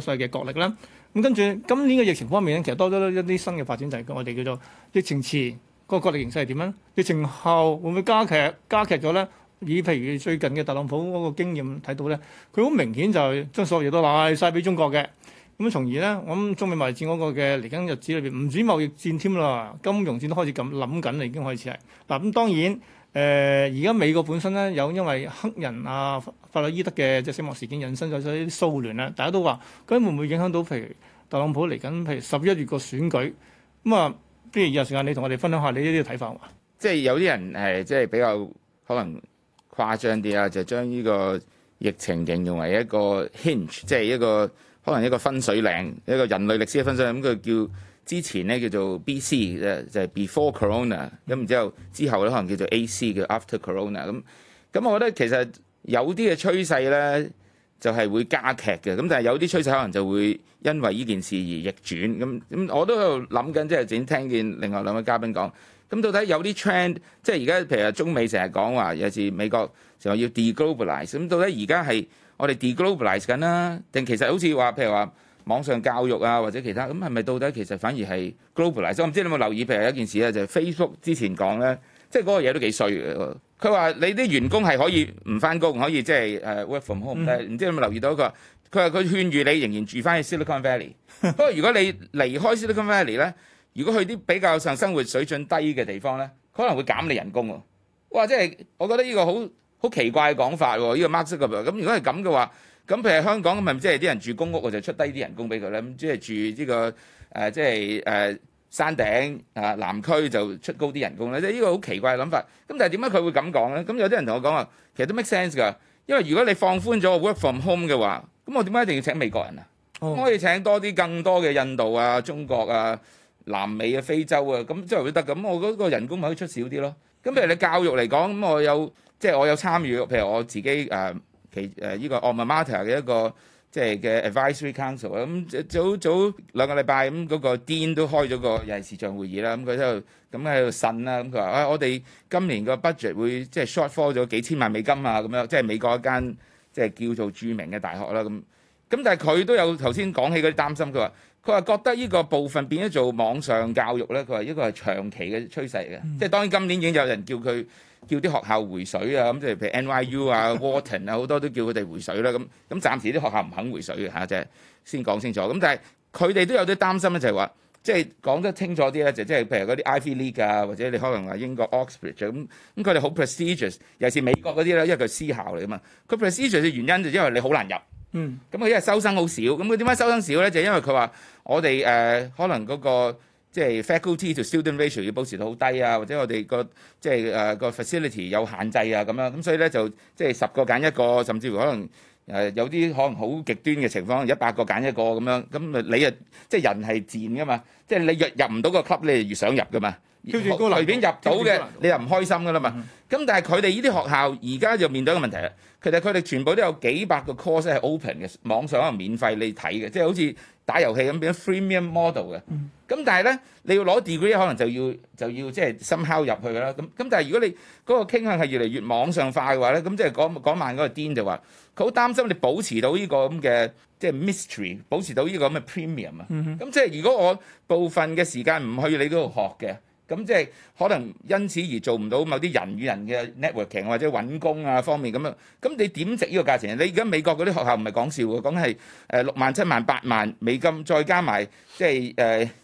S1: 所謂嘅國力啦。咁、嗯、跟住今年嘅疫情方面咧，其實多咗一啲新嘅發展，就係、是、我哋叫做疫情前、那個國力形勢係點樣？疫情後會唔會加劇加劇咗咧？以譬如最近嘅特朗普嗰個經驗睇到咧，佢好明顯就係將所有嘢都賴晒俾中國嘅。咁從而咧，我諗中美貿易戰嗰個嘅嚟緊日子裏邊，唔止貿易戰添啦，金融戰都開始咁諗緊啦，已經開始係嗱咁。當然誒，而、呃、家美國本身咧有因為黑人啊法律伊德嘅即係死亡事件引申咗咗啲蘇聯啦，大家都話咁會唔會影響到譬如特朗普嚟緊譬如十一月個選舉咁啊？不如有時間你同我哋分享下你呢啲睇法，
S4: 即係有啲人誒，即係比較可能。誇張啲啊，就將、是、呢個疫情形容為一個 hinge，即係一個可能一個分水嶺，一個人類歷史嘅分水嶺。咁佢叫之前咧叫做 B.C. 嘅，就係 before corona。咁然之後之後咧可能叫做 A.C. 叫 after corona。咁咁，我覺得其實有啲嘅趨勢咧就係、是、會加劇嘅。咁但係有啲趨勢可能就會因為呢件事而逆轉。咁咁，我都喺度諗緊，即係只係聽見另外兩位嘉賓講。咁到底有啲 trend，即係而家譬如話中美成日講話，有時美國成日要 deglobalize。咁到底而家係我哋 deglobalize 緊啦，定其實好似話譬如話網上教育啊，或者其他，咁係咪到底其實反而係 globalize？我唔知你有冇留意，譬如一件事啊，就係、是、Facebook 之前講咧，即係嗰個嘢都幾衰嘅。佢話你啲員工係可以唔翻工，可以即係誒 work from home，唔、嗯、知你有冇留意到佢？佢話佢勸喻你仍然住翻喺 Silicon Valley，不過 如果你離開 Silicon Valley 咧。如果去啲比較上生活水準低嘅地方咧，可能會減你人工喎。哇！即係我覺得呢個好好奇怪嘅講法喎、哦。呢、呢個 maximum 咁，如果係咁嘅話，咁譬如香港咁，咪即係啲人住公屋我就出低啲人工俾佢咧。即係住呢、呢個誒、啊，即係誒、啊、山頂啊南區就出高啲人工咧。即係呢個好奇怪嘅諗法。咁但係點解佢會咁講咧？咁有啲人同我講話，其實都 make sense 噶，因為如果你放寬咗我 work from home 嘅話，咁我點解一定要請美國人啊？我、oh. 可以請多啲更多嘅印度啊、中國啊。南美啊、非洲啊，咁即係會得咁，我嗰個人工咪可以出少啲咯。咁譬如你教育嚟講，咁我有即係、就是、我有參與，譬如我自己誒、呃、其誒依、呃這個 alma mater 嘅一個即係、呃、嘅、這個呃這個呃這個、advisory council 啊、嗯。咁早早兩個禮拜咁嗰個 Dean 都開咗個又係視像會議啦。咁佢喺度咁喺度呻啦。咁佢話：，啊、嗯嗯哎，我哋今年個 budget 會即係 shortfall 咗幾千萬美金啊！咁樣即係美國一間即係叫做著，著名嘅大學啦。咁、嗯、咁、嗯、但係佢都有頭先講起嗰啲擔心，佢話。佢話覺得呢個部分變咗做網上教育咧，佢話呢個係長期嘅趨勢嚟嘅。即係、嗯、當然今年已經有人叫佢叫啲學校回水 NYU, 啊，咁即係譬如 NYU 啊、Wharton 啊，好多都叫佢哋回水啦。咁、嗯、咁暫時啲學校唔肯回水嘅，吓、啊，嚇、就、啫、是，先講清楚。咁但係佢哋都有啲擔心咧，就係話即係講得清楚啲咧，就即、是、係譬如嗰啲 Ivy League 啊，或者你可能話英國 Oxford 咁，咁佢哋、啊、好 prestigious，尤其美國嗰啲咧，因為佢私校嚟啊嘛，佢 prestigious 嘅原因就因為你好難入。嗯，咁佢因為收生好少，咁佢點解收生少咧？就因為佢話我哋誒可能嗰個即係 faculty to student ratio 要保持到好低啊，或者我哋個即係誒個 facility 有限制啊咁樣，咁所以咧就即係十個揀一個，甚至乎可能誒有啲可能好極端嘅情況，一百個揀一個咁樣，咁啊你啊即係人係賤噶嘛，即係你入入唔到個 club，你，越想入噶嘛。隨便入到嘅，你又唔開心㗎啦嘛。咁、嗯、但係佢哋呢啲學校而家就面對一個問題啦。其實佢哋全部都有幾百個 course 係 open 嘅，網上可能免費你睇嘅，即、就、係、是、好似打遊戲咁變咗 premium model 嘅。咁、嗯、但係咧，你要攞 degree 可能就要就要即係 somehow 入去啦。咁咁但係如果你嗰個傾向係越嚟越網上化嘅話咧，咁即係嗰嗰晚嗰個 Dean 就話佢好擔心你保持到呢個咁嘅即係、就是、mystery，保持到呢個咁嘅 premium 啊。咁即係如果我部分嘅時間唔去你嗰度學嘅。咁即係可能因此而做唔到某啲人與人嘅 networking 或者揾工啊方面，咁啊，咁你點值呢個價錢啊？你而家美國嗰啲學校唔係講笑嘅，講係誒六萬七萬八萬美金，再加埋即係誒。即係呃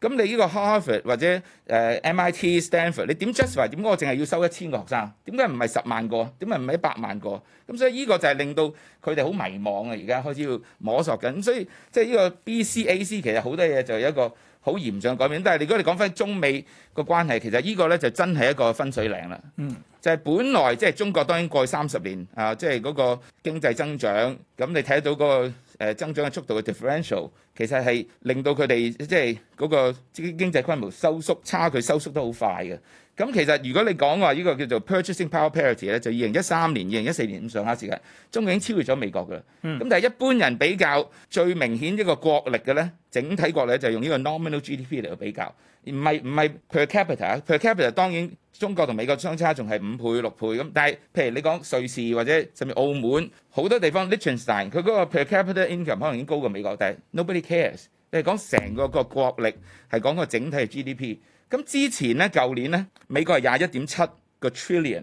S4: 咁你呢個 Harvard 或者、uh, MIT、Stanford，你點 justify？點解我淨係要收一千個學生？點解唔係十萬個？點解唔係一百萬個？咁所以呢個就係令到佢哋好迷茫啊！而家開始要摸索緊，所以即係呢個 BCAC 其實好多嘢就係一個好嚴重嘅改變。但係如果你講翻中美個關係，其實個呢個咧就真係一個分水嶺啦。嗯。就係本來即係、就是、中國當然過去三十年啊，即係嗰個經濟增長，咁你睇到嗰個誒增長嘅速度嘅 differential，其實係令到佢哋即係嗰個經濟規模收縮差，佢收縮得好快嘅。咁其實如果你講話呢個叫做 purchasing power parity 咧，就二零一三年、二零一四年咁上下時間，中國已經超越咗美國㗎喇。咁、嗯、但係一般人比較最明顯一個國力嘅咧，整體國力就用呢個 nominal GDP 嚟去比較，唔係唔係 per capita，per capita 當然中國同美國相差仲係五倍六倍咁，但係譬如你講瑞士或者甚至澳門好多地方 Liechtenstein，佢嗰個 per capita income 可能已經高過美國，但係 nobody cares。你係講成個個國力係講個整體嘅 GDP。咁之前咧，舊年咧，美國係廿一點七個 trillion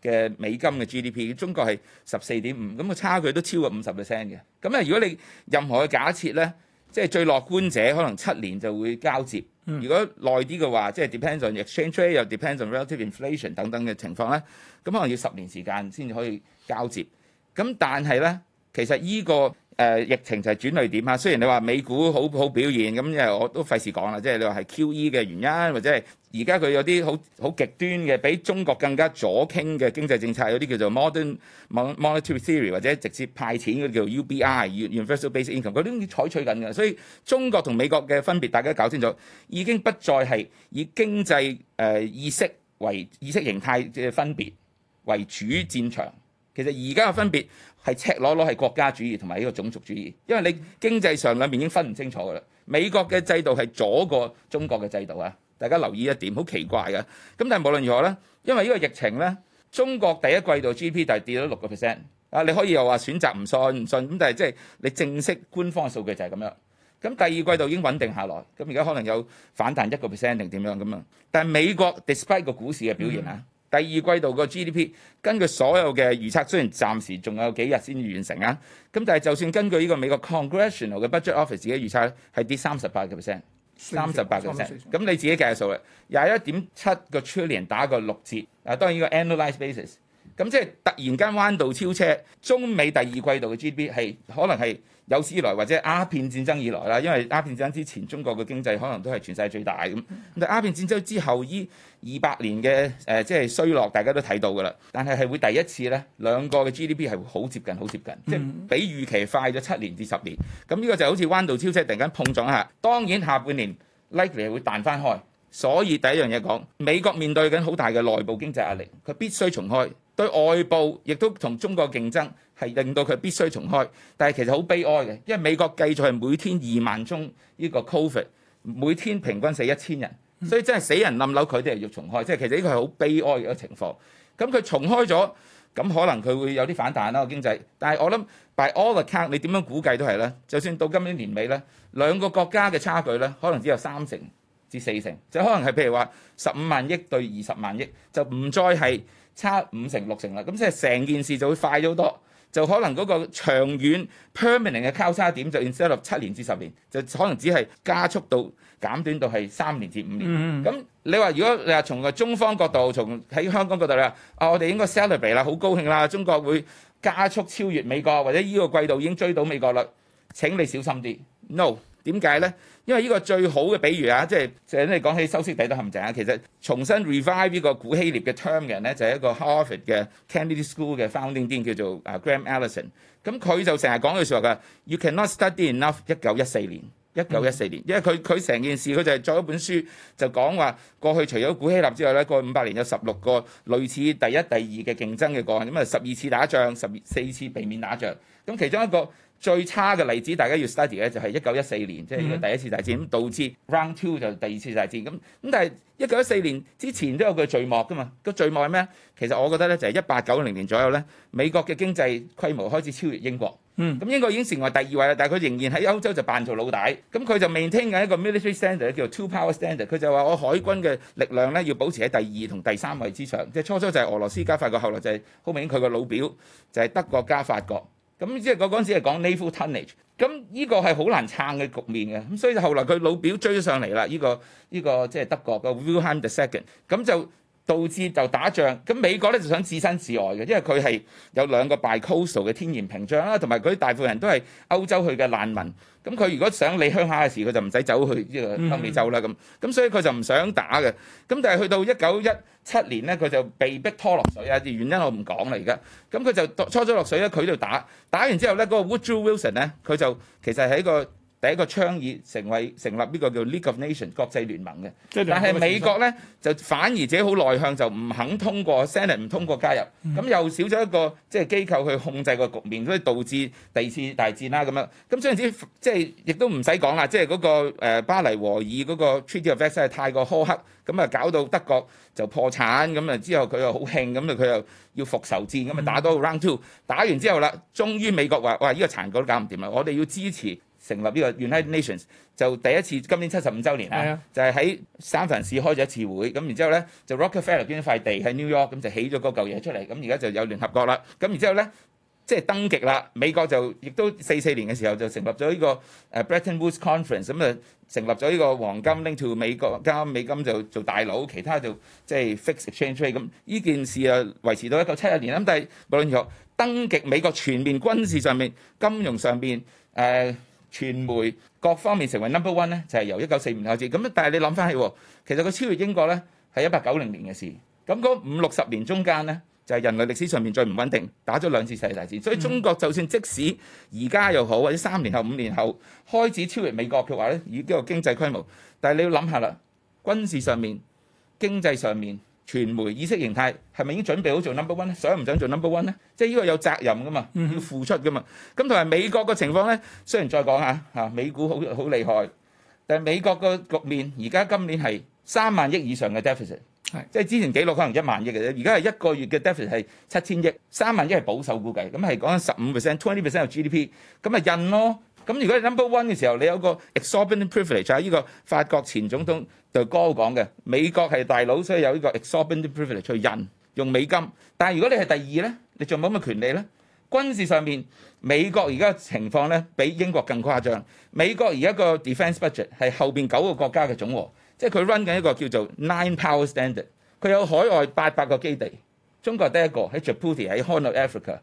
S4: 嘅美金嘅 GDP，中國係十四點五，咁個差距都超過五十 percent 嘅。咁啊，如果你任何嘅假設咧，即係最樂觀者，可能七年就會交接；如果耐啲嘅話，即係 depends on exchange rate 又 depends on relative inflation 等等嘅情況咧，咁可能要十年時間先至可以交接。咁但係咧，其實呢個。誒、呃、疫情就係轉捩點啊！雖然你話美股好好，好表現，咁又我都費事講啦。即係你話係 QE 嘅原因，或者係而家佢有啲好好極端嘅，比中國更加左傾嘅經濟政策，有啲叫做 modern monetary theory，或者直接派錢嘅叫 UBI（universal basic income）。嗰啲採取緊嘅，所以中國同美國嘅分別，大家搞清楚已經不再係以經濟誒、呃、意識為意識形態嘅分別為主戰場。其實而家嘅分別係赤裸裸係國家主義同埋呢個種族主義，因為你經濟上兩邊已經分唔清楚㗎啦。美國嘅制度係左過中國嘅制度啊！大家留意一點，好奇怪㗎。咁但係無論如何呢，因為呢個疫情呢，中國第一季度 GDP 跌咗六個 percent 啊！你可以又話選擇唔信唔信，咁但係即係你正式官方數據就係咁樣。咁第二季度已經穩定下來，咁而家可能有反彈一個 percent 定點樣咁樣。但係美國 despite 個股市嘅表現啊！嗯第二季度個 GDP 根據所有嘅預測，雖然暫時仲有幾日先完成啊！咁但係就算根據呢個美國 Congressional 嘅 Budget Office 自己預測咧，係跌三十八個 percent，三十八個 percent。咁你自己計下數啦，廿一點七個 trillion 打個六折啊！當然呢個 annualised basis，咁即係突然間彎道超車，中美第二季度嘅 GDP 係可能係。有史以來或者鴉片戰爭以來啦，因為鴉片戰爭之前中國嘅經濟可能都係全世界最大咁，但係鴉片戰爭之後依二百年嘅誒、呃、即係衰落，大家都睇到㗎啦。但係係會第一次咧，兩個嘅 GDP 係會好接近，好接近，即係比預期快咗七年至十年。咁、嗯、呢、嗯、個就好似彎道超車，突然間碰撞一下。當然下半年 likely 係會彈翻開。所以第一樣嘢講，美國面對緊好大嘅內部經濟壓力，佢必須重開，對外部亦都同中國競爭。係令到佢必須重開，但係其實好悲哀嘅，因為美國繼續係每天二萬宗呢個 covid，每天平均死一千人，所以真係死人冧樓，佢哋係要重開，即係其實呢個係好悲哀嘅一個情況。咁佢重開咗，咁可能佢會有啲反彈啦，經濟，但係我諗 by all account，你點樣估計都係啦，就算到今年年尾咧，兩個國家嘅差距咧，可能只有三成至四成，就可能係譬如話十五萬億對二十萬億，就唔再係差五成六成啦，咁即係成件事就會快咗好多。就可能嗰個長遠 permanent 嘅交叉點就 instead of 七年至十年，就可能只係加速到減短到係三年至五年。咁、mm. 你話如果你話從個中方角度，從喺香港角度咧，啊我哋應該 celebrate 啦，好高興啦，中國會加速超越美國，或者呢個季度已經追到美國啦。請你小心啲，no。點解咧？因為呢個最好嘅比喻啊，即係即係咧講起修昔底德陷阱啊！其實重新 revive 呢個古希臘嘅 term 嘅人咧，就係、是、一個 Harvard 嘅 Kennedy School 嘅 founding dean 叫做啊 Graham Allison。咁佢就成日講句說話㗎，You cannot study enough。一九一四年，一九一四年，因為佢佢成件事，佢就係作一本書，就講話過去除咗古希臘之外咧，過去五百年有十六個類似第一、第二嘅競爭嘅個案。咁、嗯、啊，十二次打仗，十四次避免打仗。咁、嗯、其中一個。最差嘅例子，大家要 study 咧，就係一九一四年，即係第一次大戰，咁、mm. 導致 round two 就第二次大戰。咁咁但係一九一四年之前都有個序幕㗎嘛，個序幕係咩？其實我覺得咧就係一八九零年左右咧，美國嘅經濟規模開始超越英國。嗯，咁英國已經成為第二位啦，但係佢仍然喺歐洲就扮做老大。咁佢就 maintain 緊一個 military standard 叫 two power standard，佢就話我海軍嘅力量咧要保持喺第二同第三位之上。即係初初就係俄羅斯加法國，後來就係後尾佢個老表就係、是、德國加法國。咁即係嗰嗰陣時係講 naval tonnage，咁呢個係好難撐嘅局面嘅，咁所以就後來佢老表追上嚟啦，呢個呢個即係德國嘅 Wilhelm II，咁就。導致就打仗，咁美國咧就想置身事外嘅，因為佢係有兩個巴爾幹蘇嘅天然屏障啦，同埋佢大部分人都係歐洲去嘅難民，咁佢如果想理鄉下嘅事，佢就唔使走去呢個歐美洲啦咁，咁所以佢就唔想打嘅，咁但係去到一九一七年咧，佢就被逼拖落水啊，原因我唔講啦而家，咁佢就拖咗落水咧，佢度打打完之後咧，嗰個 Woodrow Wilson 咧，佢就其實係一個。第一個倡議成為成立呢個叫 League of Nations 國際聯盟嘅，但係美國咧就反而自己好內向，就唔肯通過 Senate 唔通過加入，咁又少咗一個即係機構去控制個局面，所以導致第二次大戰啦咁樣。咁所以啲即係亦都唔使講啦，即係嗰個巴黎和議嗰個 Treaty of Versailles 太過苛刻，咁啊搞到德國就破產，咁啊之後佢又好興，咁啊佢又要復仇戰，咁啊打多個 round two，打完之後啦，終於美國話：哇！呢個殘局都搞唔掂啊，我哋要支持。成立呢個 United Nations 就第一次今年七十五周年啦，的就係喺三藩市開咗一次會，咁然之後咧就 Rockefeller、er、捐咗塊地喺 New York 咁就起咗個舊嘢出嚟，咁而家就有聯合國啦。咁然之後咧即係登極啦，美國就亦都四四年嘅時候就成立咗呢個誒 Bretton Woods Conference，咁啊成立咗呢個黃金 link to 美國加美金就做大佬，其他就即係 fixed exchange rate。咁呢件事啊維持到一九七一年，咁但係無論如何登極美國全面軍事上面金融上邊誒。呃傳媒各方面成為 number one 咧，就係、是、由一九四五年開始。咁但係你諗翻起，其實佢超越英國咧，係一八九零年嘅事。咁嗰五六十年中間咧，就係、是、人類歷史上面最唔穩定，打咗兩次世界大戰。所以中國就算即使而家又好，或者三年後五年後開始超越美國嘅話咧，以呢個經濟規模，但係你要諗下啦，軍事上面、經濟上面。傳媒意識形態係咪已經準備好做 number one 咧？想唔想做 number one 咧？即係呢個有責任噶嘛，要付出噶嘛。咁同埋美國個情況咧，雖然再講下嚇，美股好好厲害，但係美國個局面而家今年係三萬億以上嘅 deficit，即係之前紀錄可能一萬億嘅啫，而家係一個月嘅 deficit 係七千億，三萬億係保守估計，咁係講緊十五 percent、twenty percent 嘅 GDP，咁咪印咯。咁如果係 number one 嘅時候，你有個 exorbitant privilege，係呢個法國前總統杜哥講嘅。美國係大佬，所以有呢個 exorbitant privilege 去，去印用美金，但係如果你係第二咧，你仲冇乜權利咧。軍事上面，美國而家嘅情況咧，比英國更誇張。美國而家個 defense budget 係後邊九個國家嘅總和，即係佢 run 緊一個叫做 nine power standard。佢有海外八百個基地，中國係第一個喺 Djibouti 喺 Horn of Africa。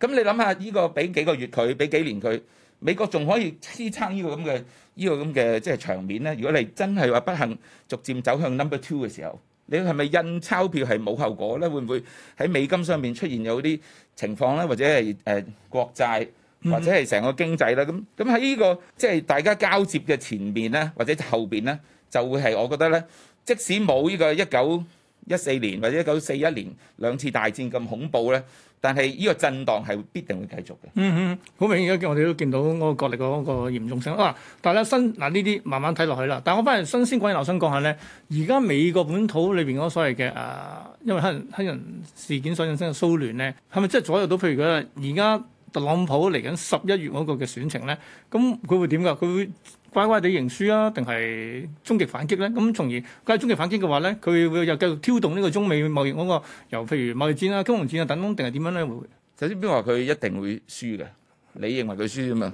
S4: 咁你諗下，呢個俾幾個月佢，俾幾年佢？美國仲可以支撐呢個咁嘅呢個咁嘅即係場面咧？如果你真係話不幸逐漸走向 number two 嘅時候，你係咪印鈔票係冇後果咧？會唔會喺美金上面出現有啲情況咧？或者係誒、呃、國債或者係成個經濟咧？咁咁喺呢個即係、就是、大家交接嘅前面咧，或者後邊咧，就會係我覺得咧，即使冇呢個一九一四年或者一九四一年兩次大戰咁恐怖咧，但係呢個震盪係必定會繼續嘅、
S1: 嗯。嗯嗯，好明顯，我見我哋都見到個國力嗰個嚴重性啊！但係咧新嗱呢啲慢慢睇落去啦。但係我翻嚟新鮮鬼留心講下咧，而家美國本土裏邊嗰所謂嘅誒、啊，因為黑人黑人事件所引申嘅騷亂咧，係咪真係左右到譬如嗰而家特朗普嚟緊十一月嗰個嘅選情咧？咁佢會點㗎？佢會？乖乖地認輸啊？定係終極反擊咧？咁從而，佢係終極反擊嘅話咧，佢會又繼續挑動呢個中美貿易嗰個，由譬如貿易戰啊、金融戰啊等等定係點樣咧？會
S4: 首先邊個話佢一定會輸嘅？你認為佢輸啊嘛？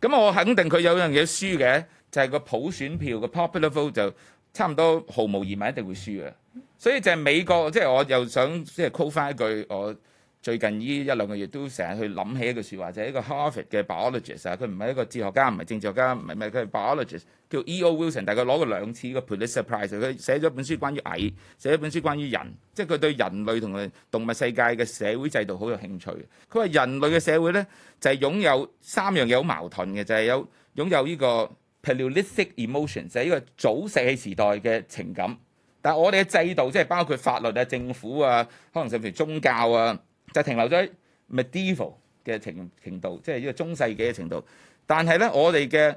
S4: 咁 我肯定佢有樣嘢輸嘅，就係個普選票個 popular vote 就差唔多毫無疑問一定會輸嘅。所以就係美國，即係我又想即係 call 翻一句我。最近呢一兩個月都成日去諗起一個説話，就係、是、一個 Harvard 嘅 biologist，佢、啊、唔係一個哲學家，唔係政治學家，唔係唔係佢係 biologist，叫 E.O.Wilson，大概攞過兩次個 Pulitzer Prize 佢、啊、寫咗本書關於蟻，寫咗本書關於人，即係佢對人類同埋動物世界嘅社會制度好有興趣。佢話人類嘅社會咧就係、是、擁有三樣嘢好矛盾嘅，就係、是、有擁有呢個 paleolithic emotion 就係呢個早石器時代嘅情感。但係我哋嘅制度即係包括法律啊、政府啊，可能甚至宗教啊。就停留咗喺 medieval 嘅程程度，即係呢個中世紀嘅程度。但係咧，我哋嘅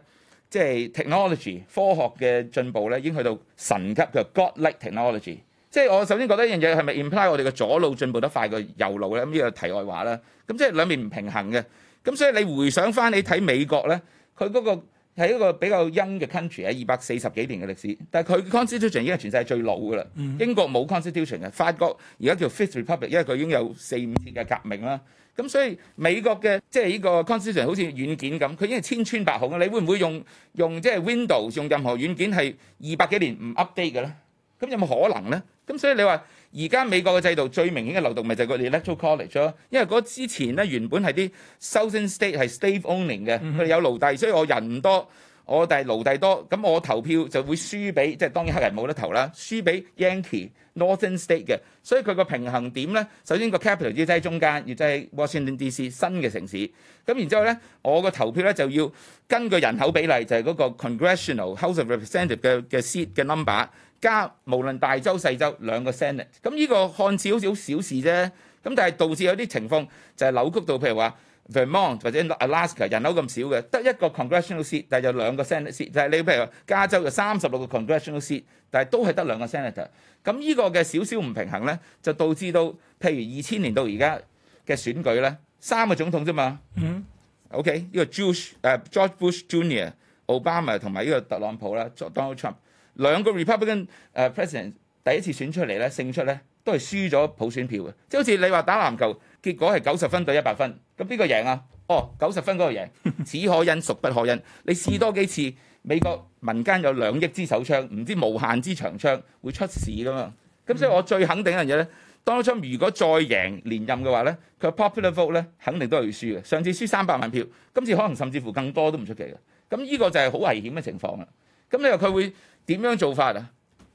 S4: 即係、就是、technology 科學嘅進步咧，已經去到神級嘅 godlike technology。即係我首先覺得一樣嘢係咪 imply 我哋嘅左腦進步得快過右腦咧？咁呢個題外話啦。咁即係兩面唔平衡嘅。咁所以你回想翻你睇美國咧，佢嗰、那個。係一個比較恩嘅 country，喺二百四十幾年嘅歷史，但係佢嘅 constitution 已經係全世界最老㗎啦。Mm hmm. 英國冇 constitution 嘅，法國而家叫 Fifth Republic，因為佢已經有四五次嘅革命啦。咁所以美國嘅即係呢個 constitution 好似軟件咁，佢已經係千瘡百孔。你會唔會用用即係 Windows 用任何軟件係二百幾年唔 update 嘅咧？咁有冇可能咧？咁所以你話而家美國嘅制度最明顯嘅漏洞咪就係個 Electoral College 咯？因為嗰之前咧原本係啲 Southern state 係 state owning 嘅，佢哋有奴隸，所以我人唔多，我哋係奴隸多，咁我投票就會輸俾即係當然黑人冇得投啦，輸俾 Yankee Northern state 嘅，所以佢個平衡點咧，首先個 capital 就喺中間，而即係 Washington DC 新嘅城市。咁然之後咧，我個投票咧就要根據人口比例，就係、是、嗰個 Congressional House of Representatives 嘅嘅、那個、seat 嘅 number。加無論大州細州兩個 senate，咁呢個看似好少小事啫，咁但係導致有啲情況就係扭曲到，譬如話 Vermont 或者 Alaska 人口咁少嘅，得一個 congressional seat，但係就兩個 senate，seat。就係、是、你譬如加州就三十六個 congressional seat，但係都係得兩個 senator。咁呢個嘅少少唔平衡咧，就導致到譬如二千年到而家嘅選舉咧，三個總統啫嘛。嗯、OK，呢個 Bush 誒、uh, George Bush Jr.、Obama 同埋呢個特朗普啦，Donald Trump。兩個 Republican 誒、uh, President 第一次選出嚟咧勝出咧，都係輸咗普選票嘅。即係好似你話打籃球，結果係九十分對一百分，咁邊個贏啊？哦，九十分嗰個贏，是可忍孰不可忍？你試多幾次，美國民間有兩億支手槍，唔知無限支長槍會出事噶嘛？咁所以我最肯定一樣嘢咧，Donald Trump 如果再贏連任嘅話咧，佢 popular vote 咧肯定都係要輸嘅。上次輸三百萬票，今次可能甚至乎更多都唔出奇嘅。咁呢個就係好危險嘅情況啦。咁你話佢會點樣做法、呃呃、啊？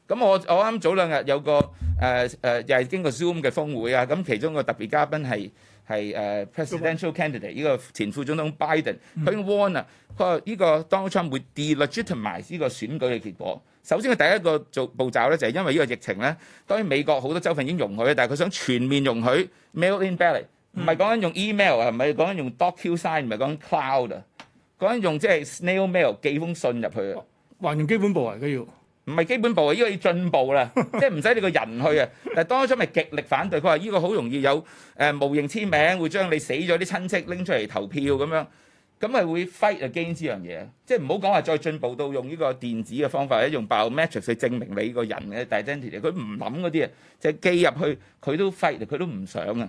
S4: 咁我我啱早兩日有個誒誒又係經過 Zoom 嘅峰會啊！咁其中個特別嘉賓係係誒 presidential candidate 呢個前副總統 Biden，佢 warn 啊，佢話呢個 Donald Trump 會 delegitimize 呢個選舉嘅結果。首先佢第一個做步驟咧，就係、是、因為呢個疫情咧，當然美國好多州份已經容許，但係佢想全面容許 mail-in ballot，唔係講緊用 email，唔係講緊用 docu sign，唔係講 cloud 啊，講緊用即係 snail mail 寄封信入去還用基本部嚟嘅要，唔係基本部啊！呢個要進步啦，即係唔使你個人去啊。但係當初咪極力反對，佢話呢個好容易有誒、呃、無形簽名，會將你死咗啲親戚拎出嚟投票咁樣，咁咪會 fight against 呢樣嘢。即係唔好講話再進步到用呢個電子嘅方法，或者用 biometrics 去證明你個人嘅 identity。佢唔諗嗰啲啊，即係寄入去，佢都 fight，佢都唔想啊。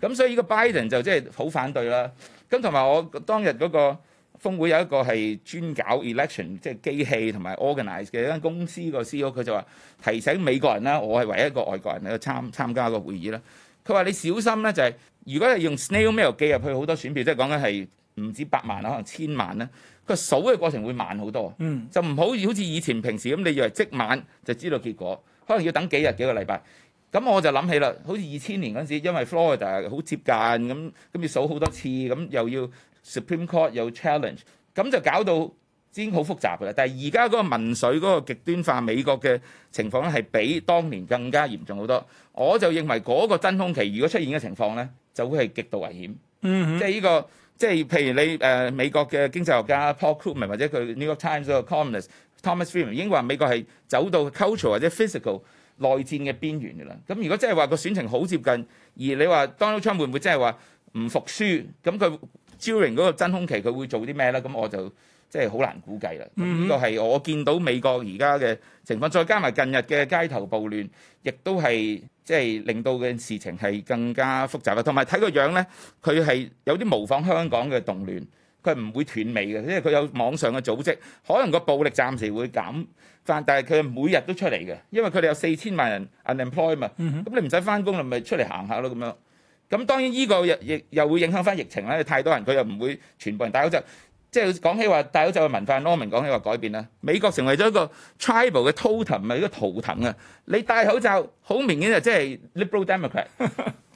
S4: 咁所以呢個 Biden 就即係好反對啦。咁同埋我當日嗰、嗰個。峰會有一個係專搞 election，即係機器同埋 organize 嘅一間公司個 CEO，佢就話提醒美國人啦，我係唯一一個外國人嚟到參參加個會議啦。佢話你小心咧、就係，就係如果係用 snail mail 寄入去好多選票，即係講緊係唔止百萬啊，可能千萬啦，個數嘅過程會慢好多，嗯、就唔好好似以前平時咁，你以為即晚就知道結果，可能要等幾日幾個禮拜。咁我就諗起啦，好似二千年嗰陣時，因為 Florida 好接近咁，咁要數好多次，咁又要。Supreme Court 有 challenge，咁就搞到已經好複雜嘅啦。但係而家嗰個民粹嗰個極端化美國嘅情況咧，係比當年更加嚴重好多。我就認為嗰個真空期如果出現嘅情況咧，就會係極度危險。嗯，嗯，即係呢、這個，即係譬如你誒、呃、美國嘅經濟學家 Paul Krugman 或者佢 New York Times 嗰個 columnist, Thomas Thomas Friedman 已經話美國係走到 culture 或者 physical 內戰嘅邊緣嘅啦。咁如果真係話個選情好接近，而你話 Donald Trump 會唔會真係話唔服輸？咁佢招零嗰個真空期，佢會做啲咩咧？咁我就即係好難估計啦。咁呢個係我見到美國而家嘅情況，再加埋近日嘅街頭暴亂，亦都係即係令到嘅事情係更加複雜啦。同埋睇個樣咧，佢係有啲模仿香港嘅動亂，佢唔會斷尾嘅，因為佢有網上嘅組織，可能個暴力暫時會減翻，但係佢每日都出嚟嘅，因為佢哋有四千萬人 unemployed 嘛。咁你唔使返工你咪出嚟行下咯咁樣。咁當然呢個又亦又會影響翻疫情啦。太多人佢又唔會全部人戴口罩。即係講起話戴口罩嘅文化，Norman 講起話改變啦。美國成為咗一個 tribal 嘅 totem，um, 唔係一個圖騰啊！你戴口罩好明顯就即係 liberal democrat。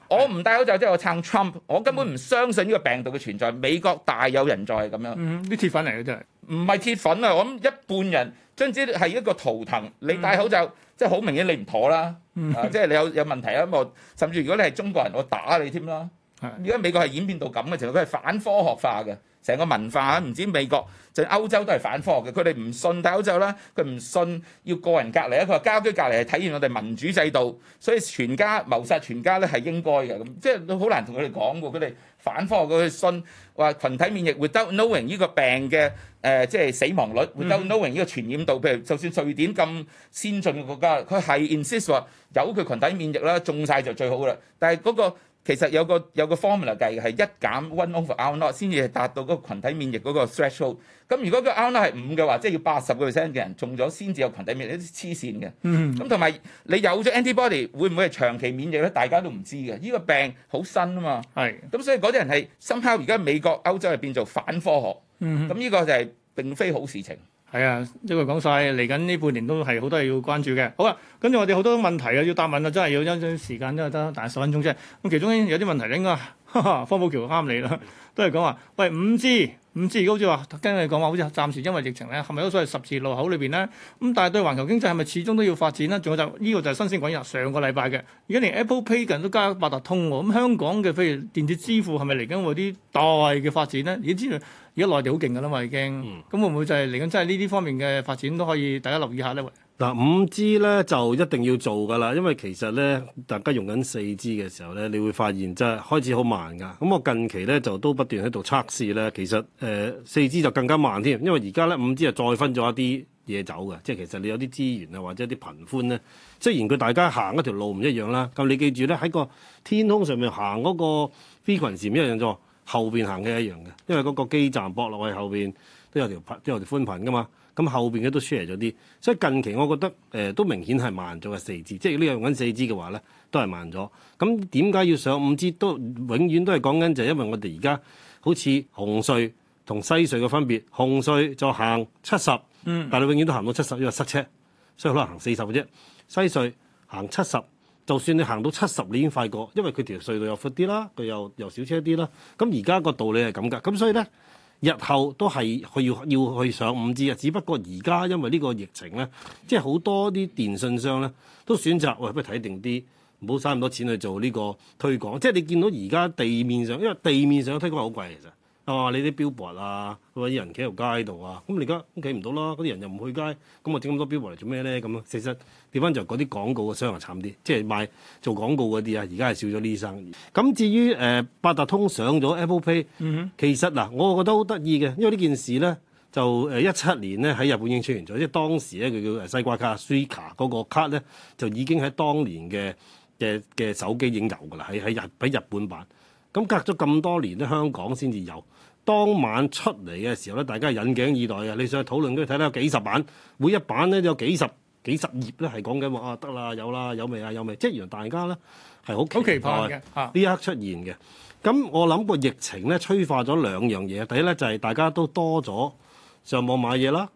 S4: 我唔戴口罩即係、就是、我撐 Trump，我根本唔相信呢個病毒嘅存在。美國大有人在咁樣。嗯，啲鐵粉嚟嘅真係。唔係鐵粉啊！我諗一半人總之係一個圖騰，你戴口罩。嗯即係好明顯你唔妥啦、 啊，即係你有有問題啦。咁我甚至如果你係中國人，我打你添啦。而家 美國係演變到咁嘅情況，佢係反科學化嘅。成個文化啊，唔知美國，就歐洲都係反科學嘅。佢哋唔信，睇歐洲啦，佢唔信要個人隔離啊。佢話家居隔離係體現我哋民主制度，所以全家謀殺全家咧係應該嘅。咁即係都好難同佢哋講喎。佢哋反科學，佢哋信話群體免疫 without knowing 呢個病嘅誒、呃，即係死亡率 without knowing 呢個傳染度。譬如就算瑞典咁先進嘅國家，佢係 insist 話有佢群體免疫啦，中晒就最好啦。但係嗰、那個其實有個有個 formula 計嘅係一減 one over R not 先至達到嗰個群體免疫嗰個 threshold。咁如果個 R not 係五嘅話，即係要八十個 percent 嘅人中咗先至有群體免疫，黐線嘅。咁同埋你有咗 antibody，會唔會係長期免疫咧？大家都唔知嘅。呢個病好新啊嘛。係。咁所以嗰啲人係 somehow，而家美國、歐洲係變做反科學。咁呢個就係並非好事情。
S1: 係啊，呢個講晒嚟緊呢半年都係好多嘢要關注嘅。好啦、啊，跟住我哋好多問題啊，要答問啊，真係要一啲時間都得，但係十分鐘啫。咁其中有啲問題應該，方保僑啱你啦，都係講話，喂五 G，五 G，好似話聽你講話，好似暫時因為疫情咧，係咪都所謂十字路口裏邊咧？咁但係對環球經濟係咪始終都要發展咧？仲有就呢、呢個就係新鮮滾入上個禮拜嘅，而家連 Apple Pay 都加八達通喎。咁、嗯、香港嘅譬如電子支付係咪嚟緊嗰啲大嘅發展咧？你知唔？而家內地好勁噶啦嘛，已經咁會唔會就係嚟緊？真係呢啲方面嘅發展都可以大家留意下咧。
S3: 嗱、嗯，5G 咧就一定要做噶啦，因為其實咧大家用緊 4G 嘅時候咧，你會發現真係開始好慢噶。咁、嗯、我近期咧就都不斷喺度測試咧，其實誒 4G 就更加慢添，因為而家咧 5G 啊再分咗一啲嘢走嘅，即係其實你有啲資源啊或者啲頻寬咧，雖然佢大家行一條路唔一樣啦。咁你記住咧，喺個天空上面行嗰個 frequency 唔一樣啫。後邊行嘅一樣嘅，因為嗰個基站駁落位後邊都有條即係我哋寬頻㗎嘛，咁後邊嘅都 share 咗啲，所以近期我覺得誒、呃、都明顯係慢咗嘅。四 G，即係呢用緊四 G 嘅話咧，都係慢咗。咁點解要上五 G？都永遠都係講緊就係因為我哋而家好似紅隧同西隧嘅分別，紅隧就行七十，但係永遠都行到七十，因為塞車，所以可能行四十嘅啫，西隧行七十。就算你行到七十年已經快過，因為佢條隧道又闊啲啦，佢又又少車啲啦。咁而家個道理係咁㗎，咁所以咧，日後都係要要去上五 G 啊。只不過而家因為呢個疫情咧，即係好多啲電信商咧都選擇，喂、哎、不睇定啲，唔好嘥咁多錢去做呢個推廣。即係你見到而家地面上，因為地面上推廣好貴其實。啊！你啲 billboard 啊，或者人企喺條街度啊，咁你而家咁企唔到啦，嗰啲人又唔去街，咁我整咁多 billboard 嚟做咩咧？咁啊，其實掉翻就嗰啲廣告嘅商啊，慘啲，即係賣做廣告嗰啲啊，而家係少咗呢生意。咁至於誒、呃、八達通上咗 Apple Pay，嗯、哼其實嗱，我覺得好得意嘅，因為呢件事咧，就誒一七年咧喺日本已經出現咗，即係當時咧佢叫誒西瓜卡 Suica 卡嗰個卡咧，就已經喺當年嘅嘅嘅手機已經有噶啦，喺喺日俾日本版，咁隔咗咁多年咧香港先至有。當晚出嚟嘅時候咧，大家引頸以待啊！你想去討論都睇到有幾十版，每一版咧有幾十幾十頁咧係講緊話啊，得啦，有啦，有未啊，有未？即係原來大家咧係好期待嘅，呢一刻出現嘅。咁我諗個疫情咧催化咗兩樣嘢，第一咧就係大家都多咗上網買嘢啦。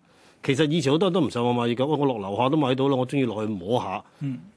S3: 其實以前好多人都唔上網買嘢嘅，我落樓下都買到啦。我中意落去摸，摸、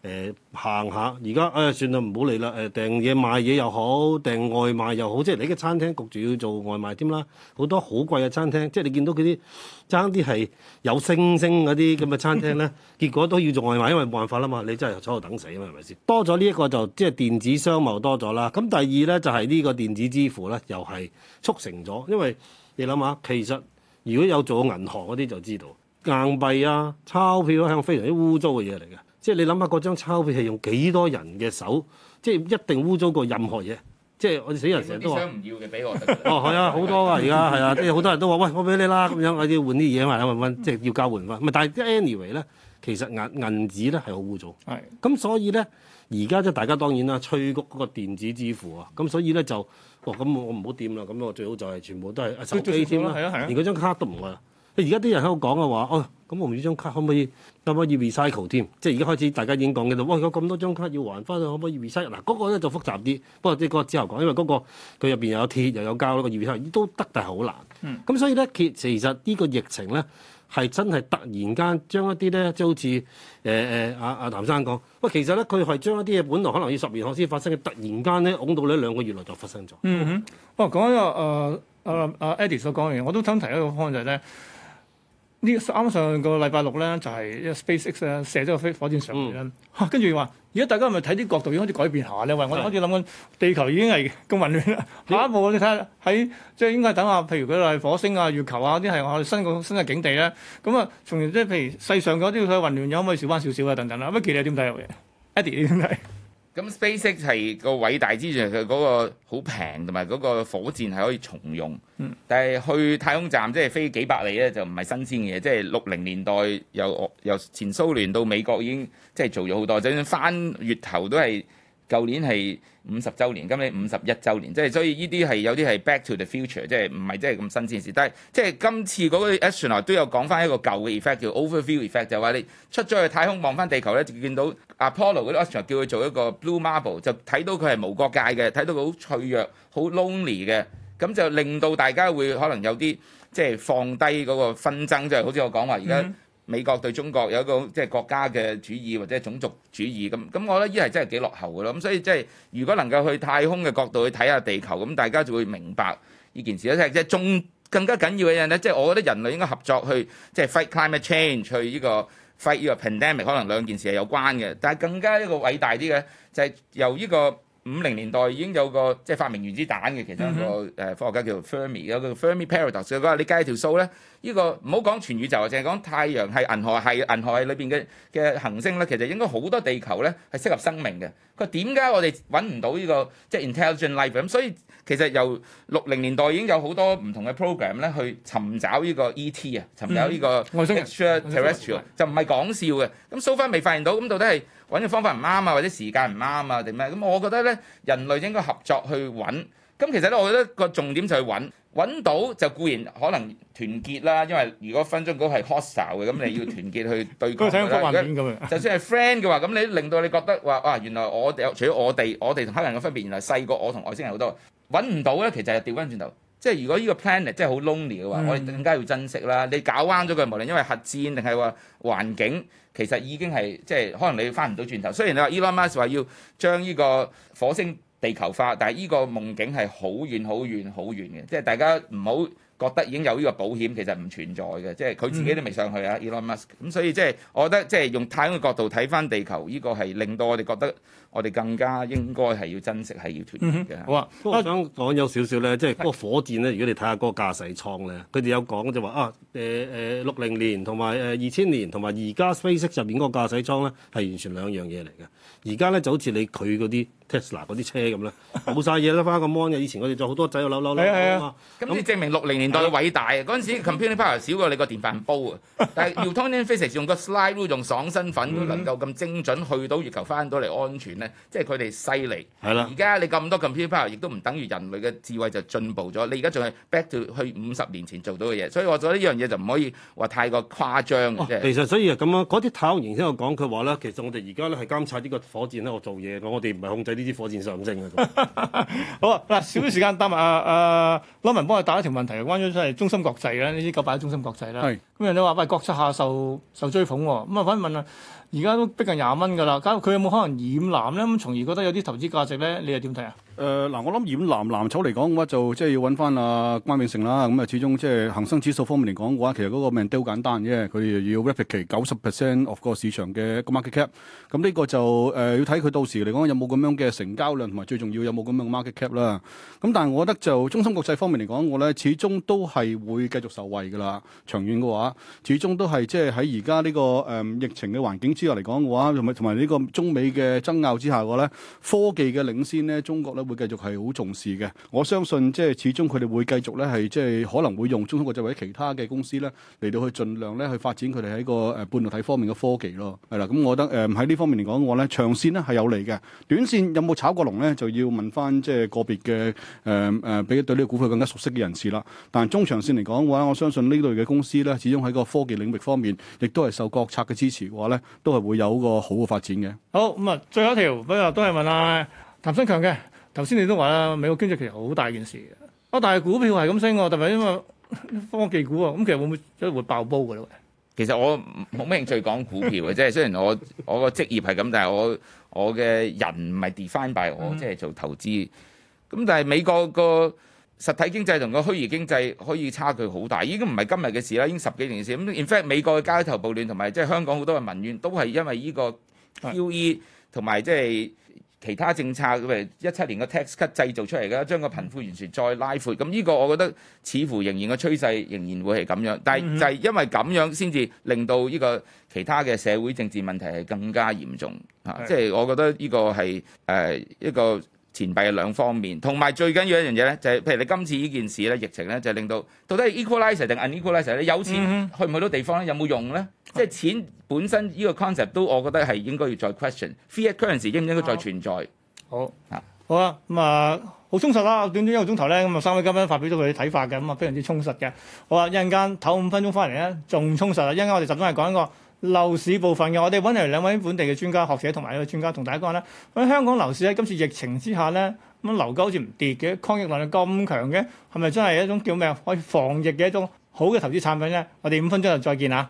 S3: 呃、下，誒行下。而家誒算啦，唔好嚟啦。誒、呃、訂嘢賣嘢又好，訂外賣又好，即係你嘅餐廳焗住要做外賣添啦。好多好貴嘅餐廳，即係你見到佢啲爭啲係有星星嗰啲咁嘅餐廳咧， 結果都要做外賣，因為冇辦法啦嘛。你真係坐度等死啊嘛，係咪先？多咗呢一個就即、是、係電子商貿多咗啦。咁第二咧就係、是、呢個電子支付咧，又係促成咗，因為你諗下，其實。如果有做銀行嗰啲就知道，硬幣啊、鈔票啊，係非常之污糟嘅嘢嚟嘅。即係你諗下，嗰張鈔票係用幾多人嘅手，即係一定污糟過任何嘢。即係我哋死人成日都話，唔要嘅俾我。 哦，係啊，好多啊，而家係啊，即係好多人都話：喂，我俾你啦咁樣，我要換啲嘢嘛，啦，換蚊，即係要交換翻。唔係，但係即 anyway 咧，其實銀銀紙咧係好污糟。係的。咁、嗯、所以咧。而家即係大家當然啦，催谷嗰個電子支付啊，咁所以咧就，哦咁我唔好掂啦，咁我最好就係、是、全部都係手機添啦，連嗰張卡都唔會啊！你而家啲人喺度講嘅話，哦咁我唔知張卡可唔可以可唔可以 recycle 添？即係而家開始大家已經講嘅啦，哇有咁多張卡要還返去，可唔可以 recycle？嗱嗰個咧就複雜啲，不過即係嗰個之後講，因為嗰、嗰個佢入邊又有鐵又有膠，嗰個回收都得，但係好難。咁、嗯、所以咧，其其實呢個疫情咧。係真係突然間將一啲咧，即係好似誒誒阿阿譚生講，喂，其實咧佢係將一啲嘢本來可能要十年後先發生嘅，突然間咧，㧬到咧兩個月內就發生咗。嗯
S1: 哼，哦，講咗誒阿誒 Eddie 所講嘅嘢，我都想提一個方案，就係，就陣咧。啱上個禮拜六咧，就係、是、一個 SpaceX 咧射咗個飛火箭上嚟咧，跟住話，而家、啊、大家係咪睇啲角度已經開始改變下咧？我哋開始諗緊地球已經係咁混亂啦，下一步你睇下喺即係應該等下，譬如佢係火星啊、月球啊啲係我哋新個新嘅景
S4: 地咧，咁、嗯、啊從
S1: 而即係譬如世上嗰啲嘅混亂可唔可以少翻少少啊？等等啦，不其你點睇啊？Eddie 你點睇？
S4: 咁 SpaceX 係個偉大之處，佢嗰個好平同埋嗰個火箭係可以重用。嗯，但係去太空站即係飛幾百里咧，就唔係新鮮嘅嘢。即係六零年代由由前蘇聯到美國已經即係做咗好多，就算翻月頭都係。舊年係五十週年，今年五十一週年，即係所以呢啲係有啲係 back to the future，即係唔係即係咁新鮮事。但係即係今次嗰個 mission 啊，都有講翻一個舊嘅 effect 叫 overview effect，就話你出咗去太空望翻地球咧，就見到 Apollo 嗰啲 astronaut 叫佢做一個 blue marble，就睇到佢係無國界嘅，睇到佢好脆弱、好 lonely 嘅，咁就令到大家會可能有啲即係放低嗰個紛爭，即係好似我講話而家。美國對中國有一個即係國家嘅主義或者種族主義咁，咁我覺得呢係真係幾落後嘅咯。咁所以即係如果能夠去太空嘅角度去睇下地球，咁大家就會明白呢件事咧。即係仲更加緊要嘅嘢咧，即係我覺得人類應該合作去即係 fight climate change 去呢個 fight 呢個 pandemic，可能兩件事係有關嘅。但係更加一個偉大啲嘅就係由呢個。五零年代已經有個即係發明原子彈嘅其中一個誒、mm hmm. 呃、科學家叫 Fermi，有個 Fermi paradox，佢話你計條數咧，呢、這個唔好講全宇宙啊，淨係講太陽系銀河系銀河系裏邊嘅嘅行星咧，其實應該好多地球咧係適合生命嘅。佢點解我哋搵唔到呢、這個即係、就是、intelligent life 咁？所以其實由六零年代已經有好多唔同嘅 program 咧，去尋找呢個 ET 啊，尋找呢個 extraterrestrial 就唔係講笑嘅。咁 so far 未發現到，咁到底係揾嘅方法唔啱啊，或者時間唔啱啊，定咩？咁我覺得咧，人類應該合作去揾。咁其實咧，我覺得個重點就係揾。揾到就固然可能團結啦，因為如果分分鐘嗰個係 hostile 嘅，咁你要團結去對抗啦。 果 就算係 friend 嘅話，咁你令到你覺得話啊，原來我哋除咗我哋，我哋同黑人嘅分別，原來細過我同外星人好多。揾唔到咧，其實係調翻轉頭，即係如果呢個 planet 即係好 lonely 嘅話，嗯、我哋更加要珍惜啦。你搞彎咗佢，無論因為核戰定係話環境，其實已經係即係可能你翻唔到轉頭。雖然你話 Elon Musk 話要將呢個火星。地球化，但係呢個夢境係好遠好遠好遠嘅，即係大家唔好。覺得已經有呢個保險，其實唔存在嘅，即係佢自己都未上去啊！Elon Musk 咁，所以即係我覺得即係用太空嘅角度睇翻地球，呢、這個係令到我哋覺得我哋更加應該係要珍惜係要團結
S3: 嘅。嗯、哼好啊，我想講有少少咧，即係嗰個火箭咧，如果你睇下嗰個駕駛艙咧，佢哋有講就話啊，誒誒六零年同埋誒二千年同埋而家 SpaceX 入邊嗰個駕駛艙咧，係完全兩樣嘢嚟嘅。而家咧就好似你佢嗰啲 Tesla 嗰啲車咁咧，冇晒嘢啦，翻個 mon 以前我哋就好多仔佬扭扭啊，咁所以證
S4: 明六零。年代偉大啊！嗰陣
S3: 時 computing power 少過你個電
S4: 飯煲啊，但係 Neil Tyson 飛行用個 slide rule 用爽身粉都能夠咁精準去到月球翻到嚟安全咧，即係佢哋犀利。係啦，而家你咁多 computing power 亦都唔等於人類嘅智慧就進步咗。你而家仲係 back to 去五十年前做到嘅嘢，所以我覺得呢樣嘢就唔可以
S3: 話太過誇張嘅。其實所以係咁啊，嗰啲太空人先有講佢話咧，其實我哋而家咧係監察呢個火箭咧，我做嘢，我哋唔係控制呢啲火箭上升嘅。好啊，嗱，少啲時
S1: 間答埋阿阿 Lawrence 幫我答一條問題。咁樣就係中芯國際啦，呢啲九八一都中芯國際啦。咁是人哋話喂，國策下受受追捧喎、哦，咁啊反問啊，而家都逼近廿蚊噶啦，咁佢有冇可能染藍咧？咁從而覺得有啲投資價值咧？你又點睇啊？
S2: 誒嗱、呃，我諗染藍藍籌嚟講嘅話，就即係要揾翻阿關銘盛啦。咁啊，始終即係恒生指數方面嚟講嘅話，其實嗰個命都簡單啫。佢又要 replicate 九十 percent of 個市場嘅個 market cap。咁呢個就誒、呃、要睇佢到時嚟講有冇咁樣嘅成交量，同埋最重要有冇咁樣嘅 market cap 啦。咁但係我覺得就中芯國際方面嚟講，我咧始終都係會繼續受惠㗎啦。長遠嘅話，始終都係即係喺而家呢個誒、嗯、疫情嘅環境之下嚟講嘅話，同埋同埋呢個中美嘅爭拗之下嘅話咧，科技嘅領先咧，中國咧。會繼續係好重視嘅，我相信即係始終佢哋會繼續咧，係即係可能會用中芯國際或者其他嘅公司咧嚟到去盡量咧去發展佢哋喺個誒半導體方面嘅科技咯。係啦，咁、嗯、我覺得誒喺呢方面嚟講嘅話咧，長線呢係有利嘅，短線有冇炒過龍咧就要問翻即係個別嘅誒誒，比對呢個股票更加熟悉嘅人士啦。但係中長線嚟講嘅話，我相信呢類嘅公司咧，始終喺個科技領域方面，亦都係受國策嘅支持嘅話咧，都係會有個好嘅發展嘅。好，
S1: 咁啊，最後一條不又都係問阿譚新強嘅。頭先你都話啦，美國經濟其實好大件事嘅，啊但係股票係咁升喎，特別因為科技 股啊，咁其實會唔會即係會爆
S4: 煲嘅咧？其實我冇咩興趣講股票嘅，即係 雖然我我個職業係咁，但係我我嘅人唔係 define by 我、嗯、即係做投資。咁但係美國個實體經濟同個虛擬經濟可以差距好大，已經唔係今日嘅事啦，已經十幾年嘅事。咁 in fact 美國嘅街頭暴亂同埋即係香港好多嘅民怨都係因為呢個 QE 同埋即係。的其他政策譬如，一七年嘅 tax cut 製造出嚟嘅，將個貧富完全再拉闊，咁、這、呢個我覺得似乎仍然個趨勢仍然會係咁樣，但係就係因為咁樣先至令到呢個其他嘅社會政治問題係更加嚴重嚇，的即係我覺得呢個係誒、呃、一個。錢幣嘅兩方面，同埋最緊要一樣嘢咧，就係譬如你今次呢件事咧，疫情咧，就係、令到到底係 equalizer 定 unequalizer 你有錢去唔去到地方咧，有冇用咧？嗯、即係錢本身呢個 concept 都，我覺得係應該要再 question fiat 好 currency 應唔應該再存在？好啊，
S1: 好啊，好、嗯、啊，咁啊，好充實啦、啊！短短一個鐘頭咧，咁啊，三位嘉賓發表咗佢哋睇法嘅，咁啊，非常之充實嘅。好啊，一陣間唞五分鐘翻嚟咧，仲充實啊！一陣間我哋集中係講一個。樓市部分嘅，我哋揾嚟兩位本地嘅專家學者同埋呢個專家同大家講啦。喺香港樓市喺今次疫情之下咧，咁樓價好似唔跌嘅，抗疫能力咁強嘅，係咪真係一種叫咩啊？可以防疫嘅一種好嘅投資產品咧？我哋五分鐘就再見啊。